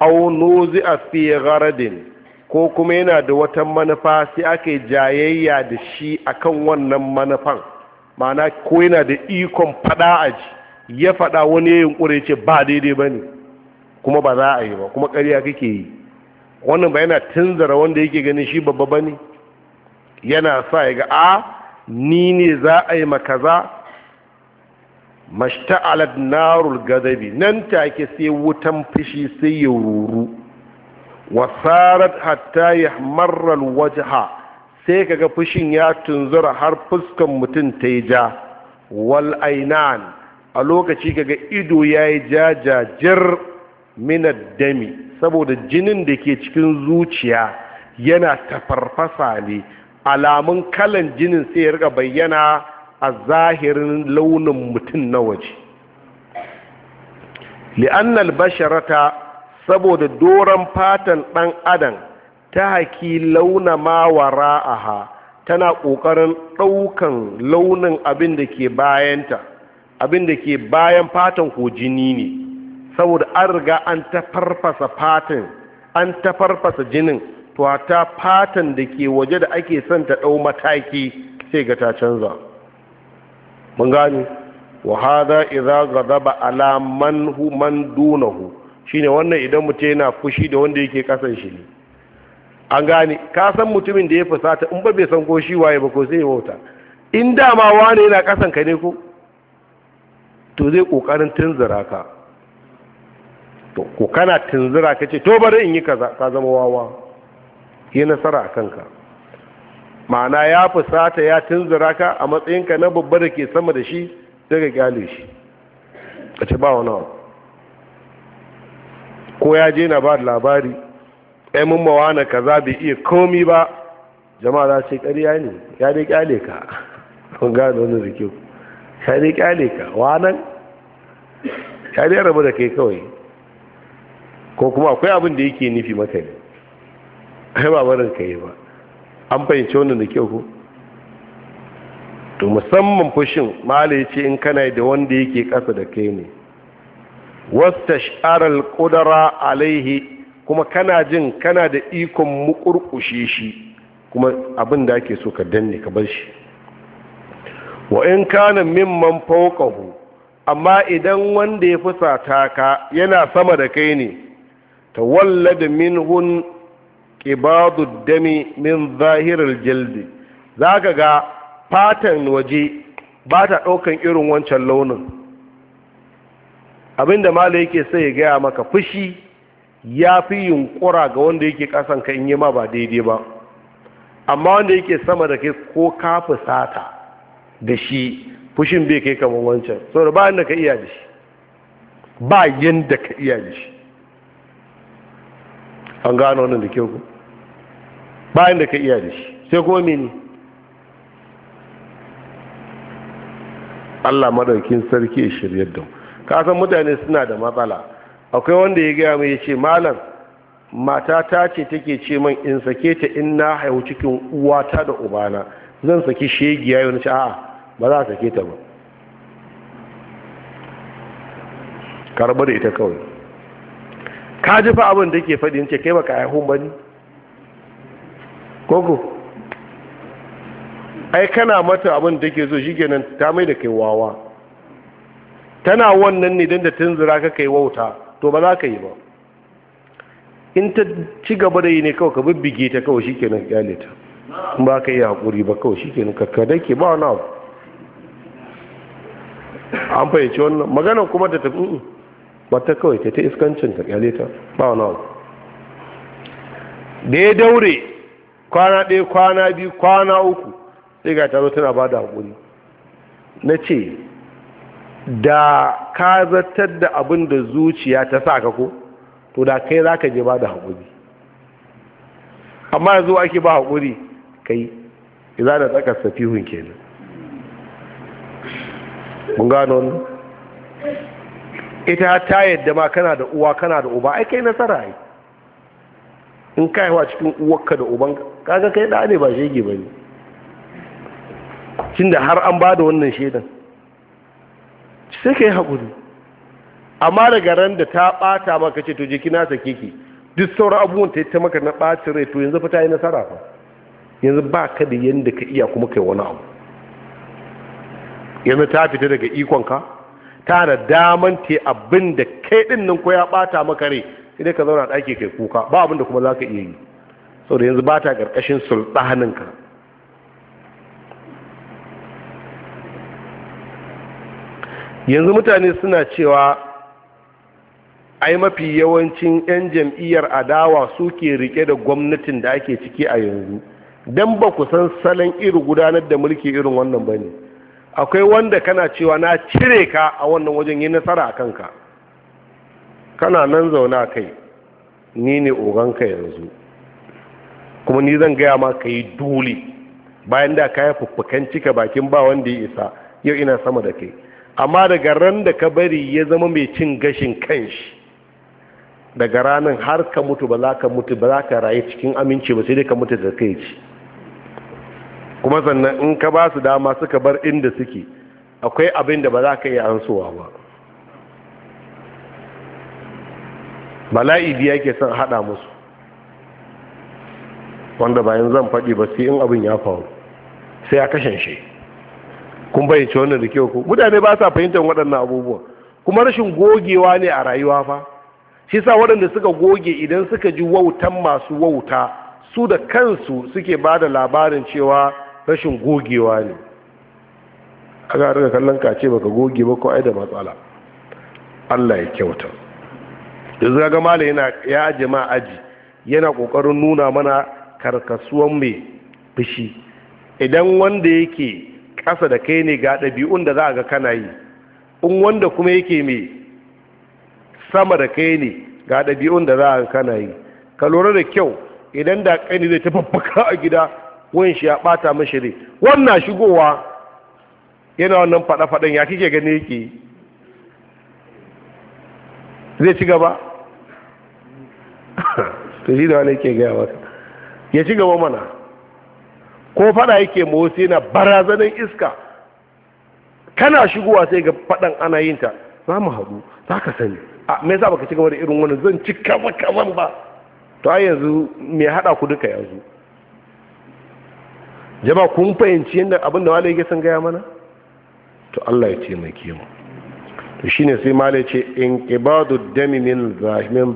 aunozi nozi a fiye garadin ko kuma yana da wata manufa sai aka jayayya da shi akan wannan manufan mana ko yana da ikon fada a ji ya fada wani ya ƙure ce ba daidai ba ne kuma ba za a yi ba kuma ƙarya kake yi wannan ba yana tunzara wanda yake ganin shi babba ba ne yana sa ya ga a ni ne za a yi ma kaza? mashta'alat narul gadabi nan take sai wutan fushi sai ya ruru wasarat hatta yahmarra alwajha sai kaga fushin ya tunzura har fuskan mutum ta ja wal ainan a lokaci kaga ido yayi jajajir min dami saboda jinin da ke cikin zuciya yana tafarfasa ne alamun kalan jinin sai ya rika bayyana a zahirin launin mutum na waje li'annal basharata saboda doron fatan ɗan adam ta haki launa ma ra'aha, tana ƙoƙarin ɗaukan launin abin da ke bayanta abin da ke bayan fatan ko jini ne saboda an riga an ta farfasa fatan an ta farfasa jinin to ta fatan da ke waje da ake son ta ɗau mataki sai ga ta canza mun gane wa hada idza ghadaba ala man hu man dunahu shine wannan idan mutum yana fushi da wanda yake kasan shi ne an gane ka san mutumin da ya fusata in ba bai san ko shi waye ba ko sai ya wauta in dama wani yana kasan ka ne ko to zai kokarin tunzura ka to ko kana tunzura ka ce to bari in yi kaza ka zama wawa yi nasara a kanka ma'ana ya fusata ya tunzura ka a matsayinka na babba da ke sama da shi daga ka shi ka ce ba wani ko ya je na ba da labari ɗai mun mawa na kaza bai iya komi ba jama'a za su ƙarya ne ya dai ƙyale ka kun gano wani rike ya dai ƙyale ka wanan ya dai rabu da kai kawai ko kuma akwai abin da yake nufi maka ne ai ba barin ka yi ba an fahimci wannan da kyau ko to musamman fushin mala ce in kana da wanda yake ƙasa da kai ne wasta alqudara ƙudara alaihi kuma kana jin kana da ikon mukurkushe shi kuma abin da ake so ka danne ka bar shi wa in kana mimman fawqahu amma idan wanda ya fusata taka yana sama da kai ne da minhun qibadu dami min zahirar Za zaka ga fatan waje ba ta ɗaukan irin wancan launin abinda mala yake sai ya gaya maka fushi ya fi yunƙura ga wanda yake kasan ka in yi ma ba daidai ba amma wanda yake sama da kai ko ka fusata da shi fushin bai kai kamar wancan saboda ba da ka iya da shi ba yanda ka iya da shi an gano wannan da kyau bayan da ka iya da shi sai kuma ne. Allah madaukin sarki ya shirya da ka san mutane suna da matsala akwai wanda ya gaya mai ya ce malam mata ta ce take ce man in sake ta in na haihu cikin uwata da ubana zan saki shegiya yau na ce a'a ba za a sake ta ba karbar da ita kawai ka ji fa abin da ke faɗi ce kai baka haihu ba ne koko ai kana mata abin da take so shikenan ta mai da kai wawa tana wannan ne don da tunzura ka kai wauta to ba za ka yi ba in ta ci gaba da yi ne kawai ka bibbige ta kawai shikenan kyale ta in ba ka yi hakuri ba kawai shikenan ka ka dake ba wani abu an fahimci wannan maganar kuma da tafi ba ta kawai ta ta iskancin ta kyale ta ba wani abu da ya daure kwana ɗaya kwana biyu kwana uku sai ga taro tana ba da haƙuri na ce da ka zartar da abin da zuciya ta sa ka ko to da kai za ka je ba da haƙuri amma yanzu ake ba haƙuri kai za da tsakar safihun kenan mun gano ita ta yadda ma kana da uwa kana da uba ai kai nasara ai in ka haihuwa cikin uwakka da ubanka kaga kai da ne ba shege ba ne da har an ba da wannan shaidan sai ka yi haƙuri amma daga ran da ta ɓata maka ce to jiki na sake ki duk sauran abubuwan ta yi ta maka na ɓacin rai to yanzu fa ta yi nasara fa yanzu ba ka da yadda ka iya kuma kai wani abu yanzu ta fita daga ikonka ta da daman ta abin da kai ɗin nan ko ya ɓata maka rai sai dai ka zauna ɗaki kai kuka ba abin kuma za ka iya yi da yanzu ba ta ƙarƙashin hannunka. yanzu mutane suna cewa ai mafi yawancin 'yan jam'iyyar adawa suke rike da gwamnatin da ake ciki a yanzu don ba ku san salon iri gudanar da mulki irin wannan ba ne akwai wanda kana cewa na cire ka a wannan wajen yi nasara a kanka kana nan zauna kai ni ne oganka yanzu kuma ni zan gaya ma ka yi dole bayan da ka yi fuffukan cika bakin ba wanda ya isa yau ina sama da kai amma daga ran da ka bari ya zama mai cin gashin kan shi daga ranar har ka mutu ba za ka mutu ba za ka rayu cikin aminci ba sai dai ka mutu da kai ci kuma sannan in ka ba su dama suka bar inda suke akwai abin da ba za ka iya ansuwa ba bala'i biya ke son hada musu wanda bayan zan faɗi ba sai in abin ya faru sai a kashen shi kun bayyance wannan da kyau mutane ba sa fahimtar waɗannan abubuwa kuma rashin gogewa ne a rayuwa fa shi sa waɗanda suka goge idan suka ji wautan masu wauta su da kansu suke ba da labarin cewa rashin gogewa ne a ga kallon kace baka goge ba ko ai da matsala Allah ya kyauta yanzu ga gama yana ya aje aji yana kokarin nuna mana karkasuwan mai fushi idan wanda yake kasa da kai ne ga ɗabi'un da za ga kana yi in wanda kuma yake mai sama da kai ne ga ɗabi'un da za ga kana yi ka lura da kyau idan da kani zai tafaffaka a gida wani shi ya bata mashi ne wannan shigowa yana wannan faɗa-faɗan ya kike gani yake zai ci gaba to shi da wani yake gaya masa ya ci gaba mana ko fada yake motsi na barazanin iska kana shigowa sai ga fadan ana yin ta za mu haɗu za ka sani a me sa baka ci gaba da irin wani, zan ci kaza kazan ba to a yanzu me haɗa ku duka yanzu jama kun fahimci yadda abin da wale yake san gaya mana to Allah ya taimake mu to shine sai male ce in ibadu dami min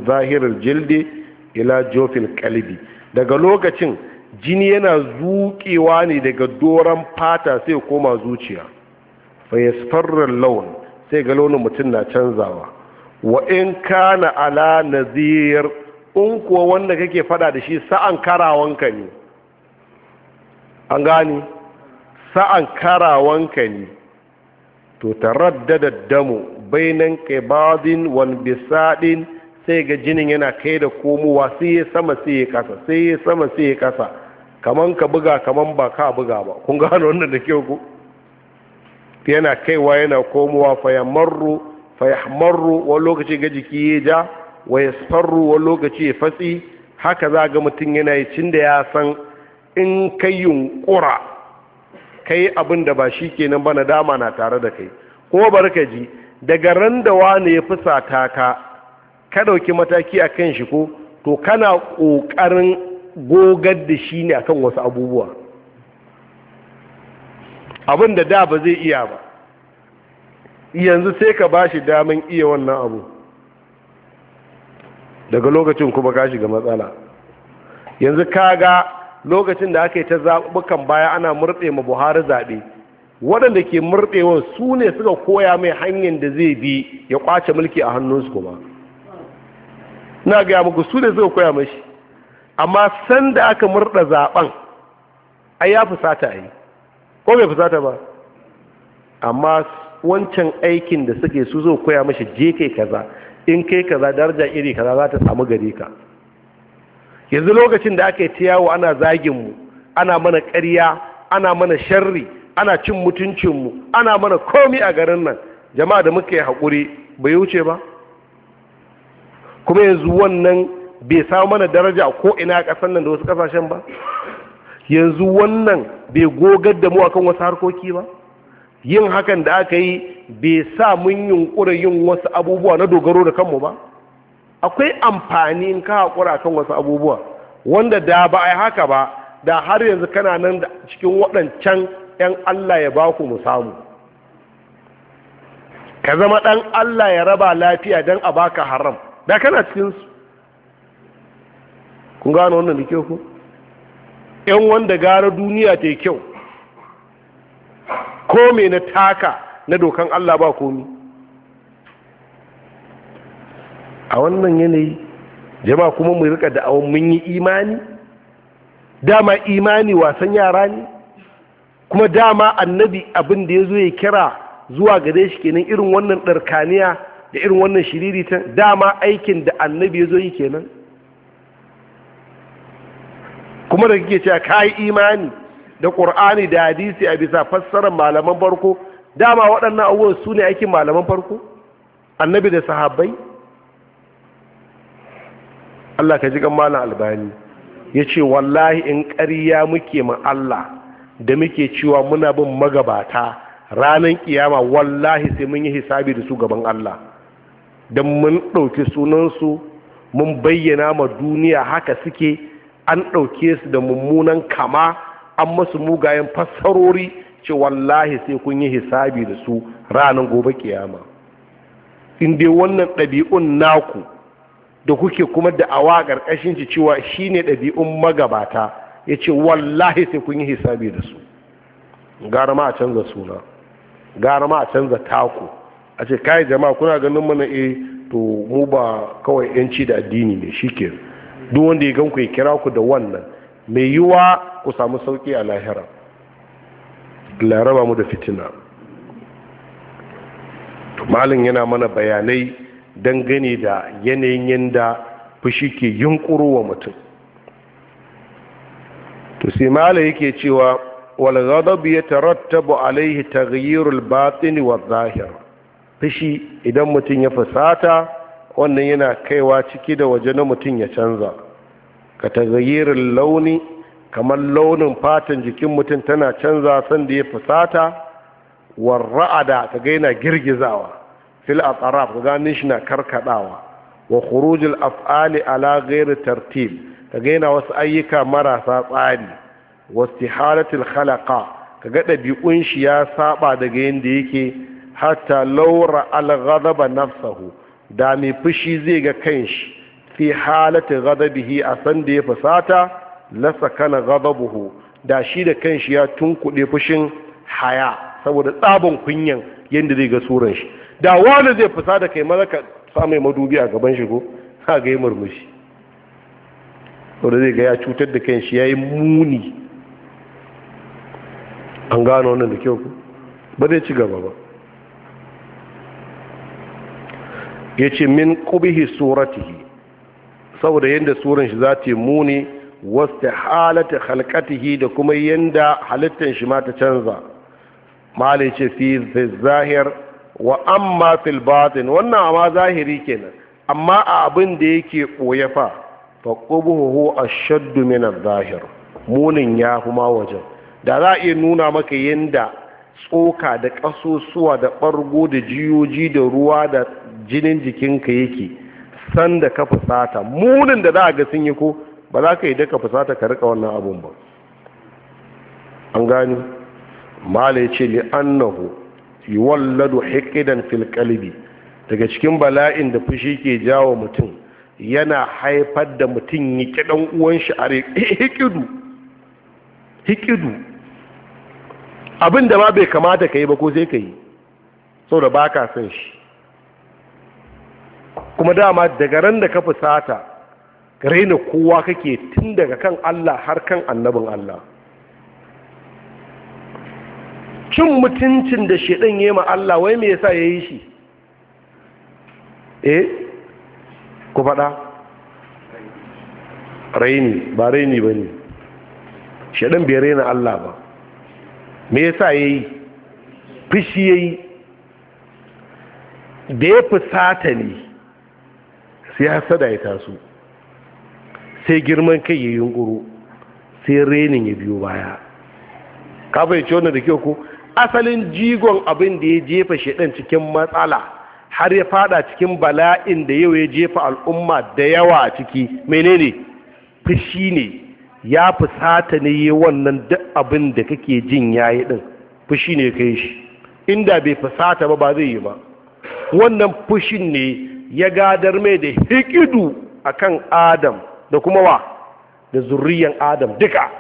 zahirar jildi ila jofil kalbi daga lokacin jini yana zuƙewa ne daga doron fata sai koma zuciya fa yasfarrar sai ga launin mutum na canzawa wa in kana ala nazir in kuwa wanda kake fada da shi sa'an karawanka ne an gani sa'an karawanka ne to taraddada damu bainan qibadin wal bisadin sai ga jinin yana kai da komowa sai ya sama sai ya kasa sai ya sama sai ya kasa kaman ka buga kaman ba ka buga ba kun gano wannan da kyau ku yana kaiwa yana komowa fayamarru fayamarru wani lokaci ga jiki ya ja wa sarru wani lokaci ya fatsi haka za ga mutum yana yi cin da ya san in ka yunkura kai abin da ba shi kenan ba na dama na tare da kai ko barka ji daga ran da wani ya fusata ka ka ɗauki mataki a kan shi ko to kana ƙoƙarin gogar da shi ne akan wasu abubuwa abin da da ba zai iya ba yanzu sai ka ba shi damin iya wannan abu daga lokacin kuma ka shiga matsala yanzu ka ga lokacin da aka yi ta zaɓuɓɓukan baya ana murɗe ma buhari zaɓe waɗanda ke murɗewa su ne suka koya mai hanyar da zai bi ya kwace mulki a hannunsu kuma na gaya muku su ne suka koya mashi amma sanda aka murda zaben ai ya fusata yi ko bai fusata ba amma wancan aikin da suke su zo koya mashi je kai kaza in kai kaza daraja iri kaza za ta samu gare ka yanzu lokacin da aka yi ta yawo ana zaginmu ana mana ƙarya ana mana sharri ana cin mutuncinmu ana mana komi a garin nan jama'a da muke yi haƙuri bai wuce ba kuma yanzu wannan bai samu mana daraja ko ina a ƙasar nan da wasu kasashen ba yanzu wannan bai gogar da mu akan wasu harkoki ba yin hakan da aka yi bai sa mun yunkura yin wasu abubuwa na dogaro da kanmu ba akwai amfani in ka haƙura akan wasu abubuwa wanda da ba a yi haka ba da har yanzu kana nan da cikin waɗancan 'yan Allah ya baku mu samu ka zama ɗan Allah ya raba lafiya don a baka haram da kana cikinsu kun gano wannan da kyau ku yan wanda gara duniya ta kyau ko me na taka na dokan allah ba komi a wannan yanayi jama'a kuma mu rika da awon mun yi imani dama imani wasan yara ne kuma dama annabi abin da ya zo ya kira zuwa gare shi kenan irin wannan ɗarkaniya da irin wannan shiriri ta dama aikin da annabi ya zo yi kenan kuma da kake cewa kai imani da qur'ani da hadisi a bisa fassarar malaman farko dama waɗannan abubuwan su ne aikin malaman farko annabi da sahabbai Allah ka ji kan malam albani ya ce wallahi in ƙarya muke ma Allah da muke cewa muna bin magabata ranar kiyama wallahi sai mun yi hisabi da su gaban Allah don mun ɗauki sunansu mun bayyana ma duniya haka suke an ɗauke su da mummunan kama an masu mugayen fassarori ce wallahi sai kun yi hisabi da su ranar gobe kiyama in dai wannan ɗabi'un naku da kuke kuma da awa ƙarƙashin ci cewa shi ne ɗabi'un magabata ya ce wallahi sai kun yi hisabi da su gara ma a canza suna gara ma a canza taku a ce kayi jama'a kuna ganin mana e to mu ba kawai yanci da addini ne ke duk wanda ya gan ku ya kira ku da wannan mai yiwa ku samu sauki a lahira laraba mu da fitina malin yana mana bayanai gani da yanayin yadda fushi ke yunkuru wa mutum to sai mala yake cewa wal ghadab yatarattabu alayhi taghyirul batini wa zahir Fishi, idan mutum ya fusata wannan yana kaiwa ciki da waje na mutum ya canza ka tagayyirin launi kamar launin fatan jikin mutum tana canza sanda ya fusata warra'ada ka ga yana girgizawa fil atraf ka ganin shi na karkadawa wa khurujul af'ali ala ghairi tartib ka gaina wasu ayyuka marasa tsari wastihalatul khalaqa ka ga dabi'un shi ya saba daga yanda yake hatta laura al-ghadaba nafsahu da mai fushi zai ga kanshi fi halati ghadabihi a san da ya fusata la sakana ghadabuhu da shi da kanshi ya tunkuɗe fushin haya saboda tsabon kunyan yadda zai ga suran shi da wani zai fusa da kai maza ka madubi a gaban shi ko ha ga yi murmushi saboda zai ga ya cutar da kanshi ya yi muni an gano wannan da kyau ba zai ci gaba ba ya ce min ƙubihi suratihi saboda yadda suran shi za ta yi muni wasta halata halkatihi da kuma yadda halittar shi ma ta canza malin ce fi zahir wa amma fil batin wannan amma zahiri kenan amma a abin da yake ɓoye fa fa ƙubuhu a shaddu minar zahir munin ya kuma wajen da za a iya nuna maka yadda tsoka da ƙasusuwa da ɓargo da jiyoji da ruwa da jinin jikinka yake sanda ka fusata munin da za a ga sun yi ko ba za ka yi daka fusata ka rika wannan abun ba an gani mala ya ce li annahu yuwalladu hiqidan fil qalbi daga cikin bala'in da fushi ke jawo mutum yana haifar da mutum ya kidan uwan shi are eh, eh, hikidu hikidu abin da ba bai kamata ka yi ba ko sai ka yi sau da ba ka san shi kuma dama daga ran da ka fusata raina kowa kake tun daga kan Allah har kan annabin Allah cin mutuncin da ya yi ma Allah wai me yasa yayi shi eh ku faɗa raini ba raini ba ne shaɗin bai raina Allah ba me yasa ya yi fishi ya yi da ya fusata ne sai sada ya taso sai girman kai ya yunguru sai renin ya biyo baya ka ce wannan da kyau ko asalin jigon abin da ya jefa shaidan cikin matsala har ya fada cikin bala'in da yau ya jefa al'umma da yawa a ciki menene fushi ne ya fusata ne yi wannan duk abin da kake jin yayi din fushi ne ka yi shi inda bai fusata ba ba zai yi ba wannan fushin ne ya gadar mai da hikidu kan adam da kuma wa da zurriyan adam duka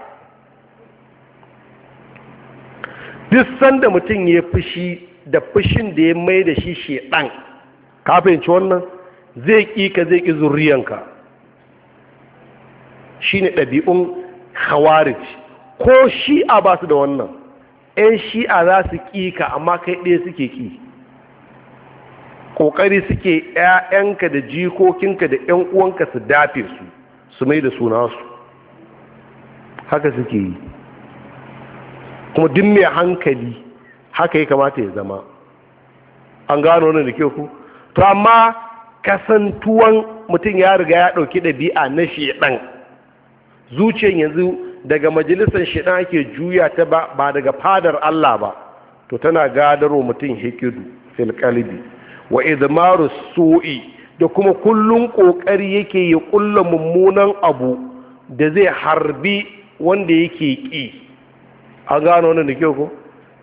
duk sanda mutum ya fushi da fushin da ya mai da shi shedan kafin ci wannan zai ƙi ka zai ƙi zurriyanka shi ne ɗabi'un khawarij ko shi'a ba su da wannan 'yan shi'a za su ƙi ka amma kai ɗaya suke ƙi kokari suke ƴaƴanka da jikokinka da ƴan uwanka su dafe su su mai da suna su haka suke yi kuma duk mai hankali haka ya kamata ya zama an gano wannan da ke ku to amma kasantuwan mutum ya riga ya ɗauki ɗabi'a na shiɗan zuciyar yanzu daga majalisar shiɗan ake juya ta ba daga fadar Allah ba to tana gadaro mutum hikidu fil wa idmaru su'i da kuma kullun kokari yake ya kulla mummunan abu da zai harbi wanda yake ki an gano wannan da kyau ko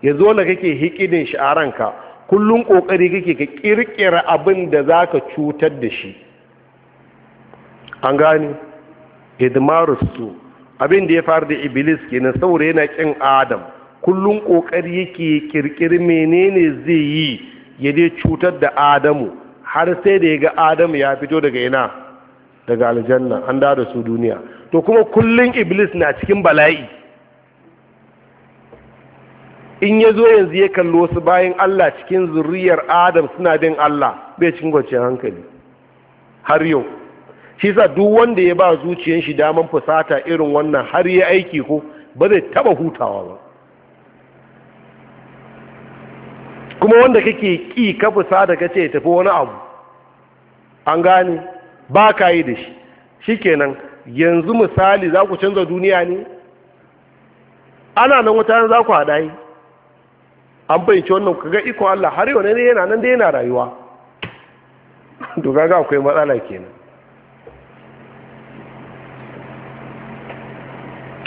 yanzu wanda kake hikidin shi a ranka kullun kokari kake ka kirkira abin da zaka cutar da shi an gane idmaru su abin da ya faru da iblis kenan saboda yana kin adam kullun kokari yake kirkiri menene zai yi ya dai cutar da adamu har sai da ya ga adamu ya fito daga ina daga aljanna an da da su duniya to kuma kullum iblis na cikin bala'i in ya zo yanzu ya kalli wasu bayan allah cikin zuriyar adam suna bin allah bai cikin kwanciyar hankali har yau shi sa duk wanda ya ba zuciyar shi damar fusata irin wannan har ya aiki ko ba zai taba hutawa ba kuma wanda kake ki ka fusa da kace ya tafi wani abu an gane ba ka yi da shi shikenan yanzu misali za ku canza duniya ne ana nan wata za ku haɗa yi an fahimci wannan kaga ikon Allah har yau ne yana nan da yana rayuwa to kaga akwai matsala kenan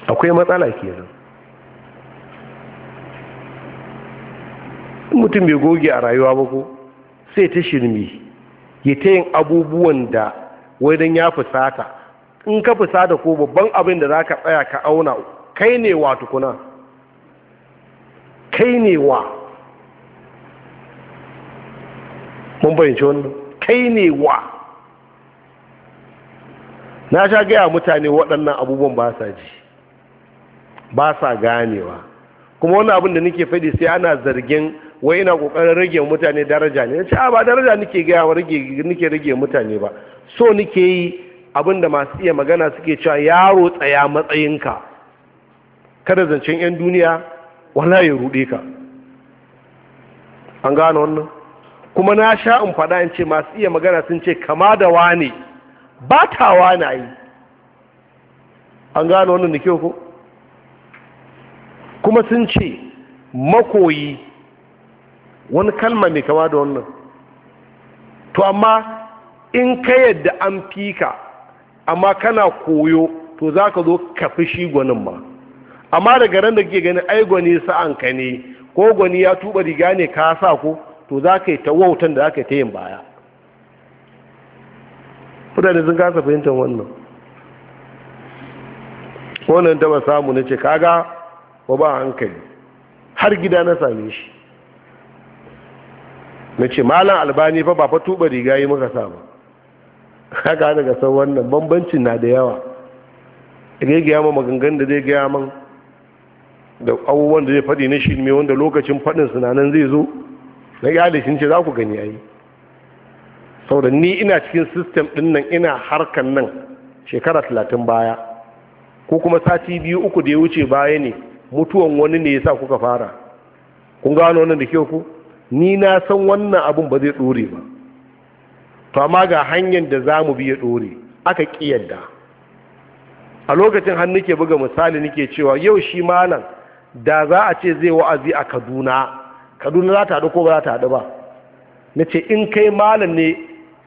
akwai matsala kenan mutum bai goge a rayuwa ba ko sai ta shirmi ya ta yin abubuwan da wajen ya fusata in ka fusata ko babban abin da za ka tsaya ka auna kai ne wa tukuna kai ne wa mun bayanci wannan kai ne wa na sha gaya mutane waɗannan abubuwan ba sa ji ba sa ganewa kuma wani abin da nake faɗi sai ana zargin wai ina kokarin rage mutane daraja ne ce ah, ba daraja nake gaya wa rage nake rage mutane ba so nake yi abin da masu iya magana suke cewa yaro tsaya matsayinka kada zancen yan duniya wala ya rude ka an gane wannan kuma na sha in faɗa in ce masu iya magana sun ce kama da wane ba ta yi an gane wannan da kyau ko kuma sun ce makoyi wani kalma mai kama da wannan to amma in ka yadda an fika amma kana koyo to za ka zo ka fi shi gwanin ma amma daga ran da ke ganin ai gwani sa'an ka ne ko gwani ya tuba riga ne ka sa ko to za ka yi ta wautan da za ka yi ta yin baya mutane sun kasa fahimtar wannan wannan da ba samu na ce kaga Wa ba hankali har gida na same shi na ce malam albani fa ba fa tuba riga yi muka sa ba haka daga san wannan bambancin na da yawa zai gaya ma magangan da zai gaya man da abubuwan da zai faɗi na shi mai wanda lokacin faɗin sunanan zai zo na yada shi ce za ku gani yayi sau da ni ina cikin sistem ɗin nan ina harkan nan shekara talatin baya ko kuma sati biyu uku da ya wuce baya ne mutuwan wani ne yasa kuka fara kun gano wannan da kyau ku ni na san wannan abun ba zai dore ba to amma ga hanyar da za mu bi ya dore aka kiyarda a lokacin hannu ke buga misali nake cewa yau shi malam da za a ce zai wa'azi a Kaduna Kaduna za ta ko ba za ta haɗu ba na ce in kai malam ne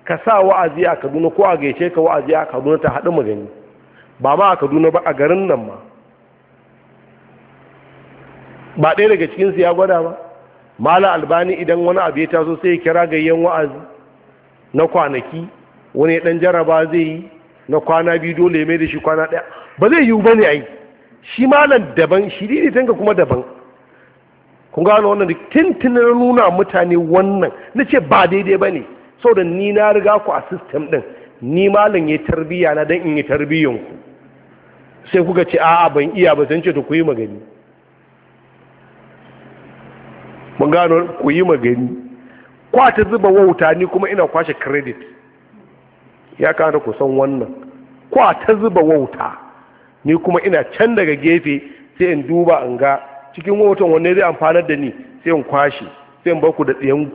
ka sa wa'azi a Kaduna ko a gaishe ka wa'azi a Kaduna ta haɗu magani ba ma a Kaduna ba a garin nan ma ba ɗaya daga cikinsu ya gwada ba mala albani idan wani abu ya taso sai ya kira gayyen wa'azi na kwanaki wani ɗan jaraba zai yi na kwana biyu dole mai da shi kwana ɗaya ba zai yiwu ba ne a yi shi malam daban shi ne tanka kuma daban kun gano wannan tintin na nuna mutane wannan na ce ba daidai ba ne saboda ni na riga ku a sistem ɗin ni malam ya tarbiyya na don in yi tarbiyyanku sai kuka ce a'a ban iya ba zan ce to ku yi magani mun gano ku yi magani kwa ta zuba wauta ni kuma ina kwashe credit ya kana ku san wannan kwa ta zuba wauta ni kuma ina can daga gefe sai in duba in ga cikin wautan wanne zai amfanar da ni sai in kwashe sai in ku da tsayen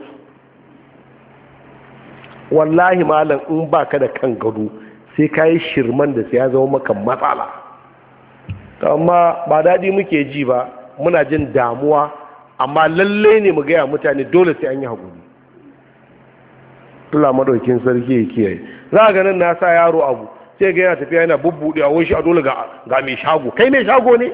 wallahi malam in baka da kan gado sai ka yi shirman da sai ya zama maka matsala amma ba daɗi muke ji ba muna jin damuwa amma lalle ne mu gaya mutane dole sai an yi haƙuri tula maɗaukin sarki ya kiyaye za a ganin na sa yaro abu sai ga yana tafiya yana bubbuɗe a wani shi a dole ga mai shago kai mai shago ne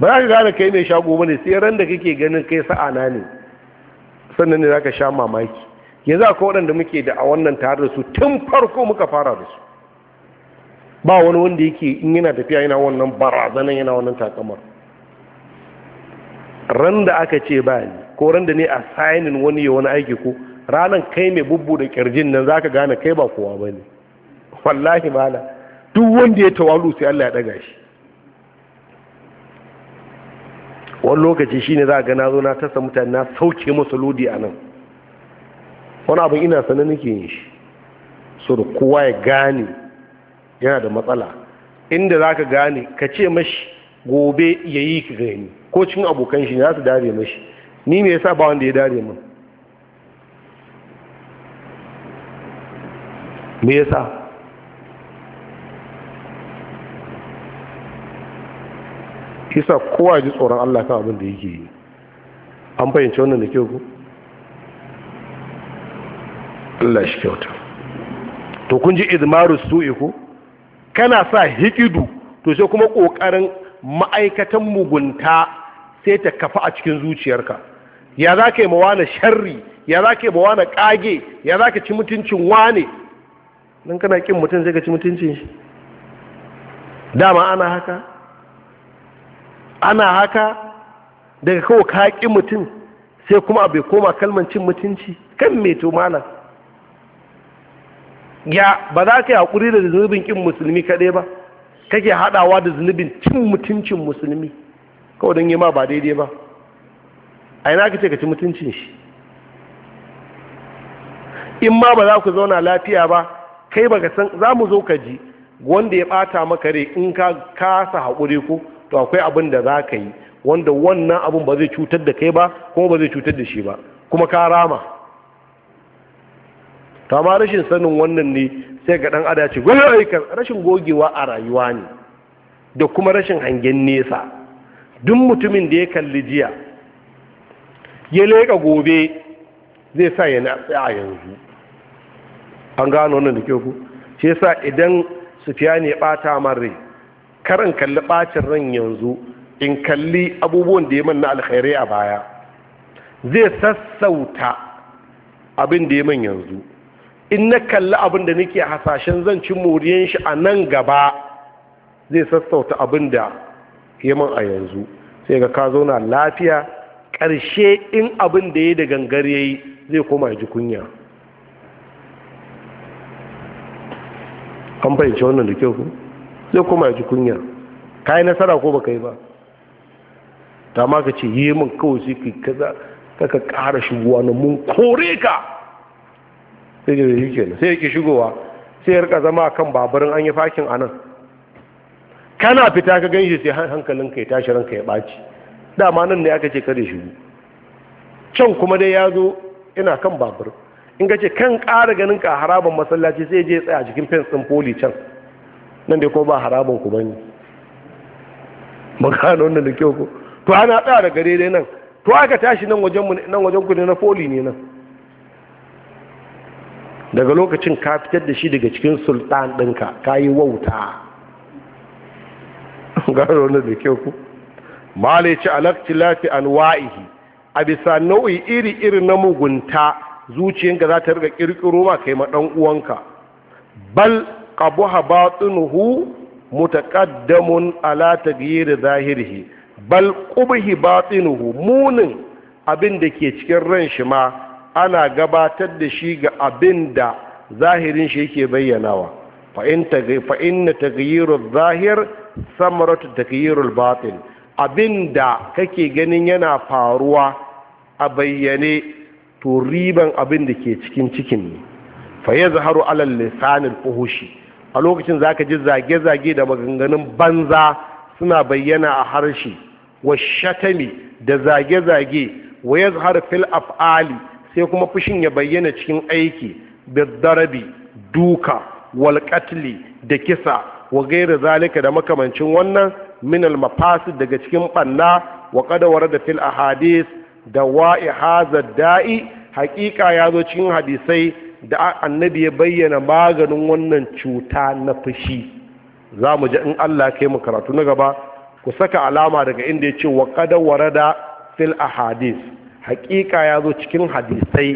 ba za ka gane kai mai shago ba ne sai ran da kake ganin kai sa'ana ne sannan ne za ka sha mamaki yanzu akwai waɗanda muke da a wannan tare da su tun farko muka fara da su ba wani wanda yake in yana tafiya yana wannan barazanan yana wannan takamar ran da aka ce ba ni ko ran da ne a sainin wani ya wani aiki ko ranar kai mai bubbu da kirjin nan zaka gane kai ba kowa ba ne wallahi mala duk wanda ya tawalu sai Allah ya daga shi wani lokaci shine za ga na zo na tasa mutane na sauke masa lodi a nan wani abin ina sanar nake yin shi so da kowa ya gane yana da matsala inda za ka gane ka ce mashi gobe ya yi ki gani ko cikin abokan shi ne za su dare mashi ni me yasa ba wanda ya dare min me yasa kisa kowa ji tsoron Allah kan abin da yake yi an fahimci wannan da kyau ku Allah shi kyauta to kun ji idmaru su'i ku kana sa hikidu to sai kuma kokarin ma'aikatan mugunta sai ta kafa a cikin zuciyarka ya za ka yi mawa na sharri ya za ka yi mawa na ƙage ya za ka ci mutuncin wane don kana ƙin mutum sai ka ci mutuncin shi dama ana haka ana haka daga kawo ka ƙi mutum sai kuma abu koma kalman cin mutunci kan mai to malam ya ba za ka yi haƙuri da zunubin ƙin musulmi kaɗai ba kake haɗawa da zunubin cin mutuncin musulmi kawai don yi ma ba daidai ba a yana ka ce ka ci mutuncin shi in ma ba za ku zauna lafiya ba kai ba san za mu zo ka ji wanda ya bata maka rai in ka kasa haƙuri ko to akwai abin da za ka yi wanda wannan abin ba zai cutar da kai ba kuma ba zai cutar da shi ba kuma ka rama kama rashin sanin wannan ne sai ga ɗan ada ce rashin gogewa a rayuwa ne da kuma rashin hangen nesa duk mutumin da ya kalli jiya ya leka gobe zai sa ya natsi a yanzu an gano wannan da ke ku shi yasa idan sufiyani ya bata man rai karin kalli ɓacin ran yanzu in kalli abubuwan da ya manna alkhairai a baya zai sassauta abin da ya man yanzu in na kalli abin da nake hasashen zan ci moriyan shi a nan gaba zai sassauta abin da yi min a yanzu sai ga ka zauna lafiya ƙarshe in abin da ya da gangar ya yi zai koma ji kunya an fahimci wannan da kyau ku zai koma ji kunya ka yi nasara ko ba ka yi ba ta ma ka ce yi min kawai su ka kaza ka ka ƙara shigowa na mun kore ka sai ya sai ya ke shigowa sai ya rika zama kan babarin an yi fakin a nan kana fita ka ganshi sai ka ya tashi ranka ya ɓaci dama nan ne aka ce kare shi can kuma dai ya zo ina kan babur in ka ce kan ƙara ganin ka haraban masallaci sai je tsaya cikin fens ɗin poli can nan dai ko ba haraban ku bane ba gano wannan da kyau ko to ana tsaya da gare dai nan to aka tashi nan wajen mu nan wajen ku ne na poli ne nan daga lokacin ka fitar da shi daga cikin sultan ɗinka ka yi wauta gano wannan da kyau ku malai ce alaktilafi anwa'ihi a bisa nau'i iri-iri na mugunta zuciyanka za ta riga kirkiro ma kai ma dan uwanka bal qabaha batinuhu mutaqaddamun ala taghyir zahirihi bal qubhi batinuhu munin abin da ke cikin ran shi ma ana gabatar da shi ga abin da zahirin shi yake bayyanawa fa in taghyir zahir samaratu takyirul batil abinda kake ganin yana faruwa a bayyane to riban abin da ke cikin cikin ne fa zaharu ala lisanil fuhushi a lokacin zaka ji zage-zage da maganganun banza suna bayyana a harshe wa shatami da zage-zage wa zahar fil af'ali sai kuma fushin ya bayyana cikin aiki darabi duka wal da kisa wa gaira zalika da makamancin wannan min al mafasid daga cikin banna wa qadawar da fil ahadith wa'i hadha da'i haƙiƙa yazo cikin hadisai da annabi ya bayyana maganin wannan cuta na fushi za mu ji in Allah kai mu karatu na gaba ku saka alama daga inda ya ce wa qadawar da fil ahadith haƙiƙa yazo cikin hadisai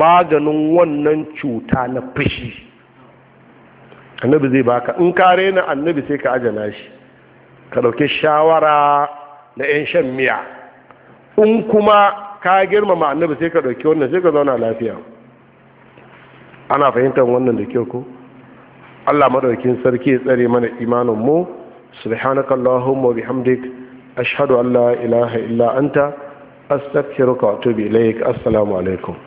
maganin wannan cuta na fushi annabi zai baka in ka rena annabi sai ka ajana shi ka ɗauki shawara na 'yan shan miya in kuma ka girmama annabi sai ka ɗauki wannan sai ka zauna lafiya ana fahimtar wannan da kyau ko Allah madaukin sarki ya tsare mana imanin mu subhanaka allahumma bihamdik ashhadu an la ilaha illa anta astaghfiruka wa atubu ilaik assalamu alaikum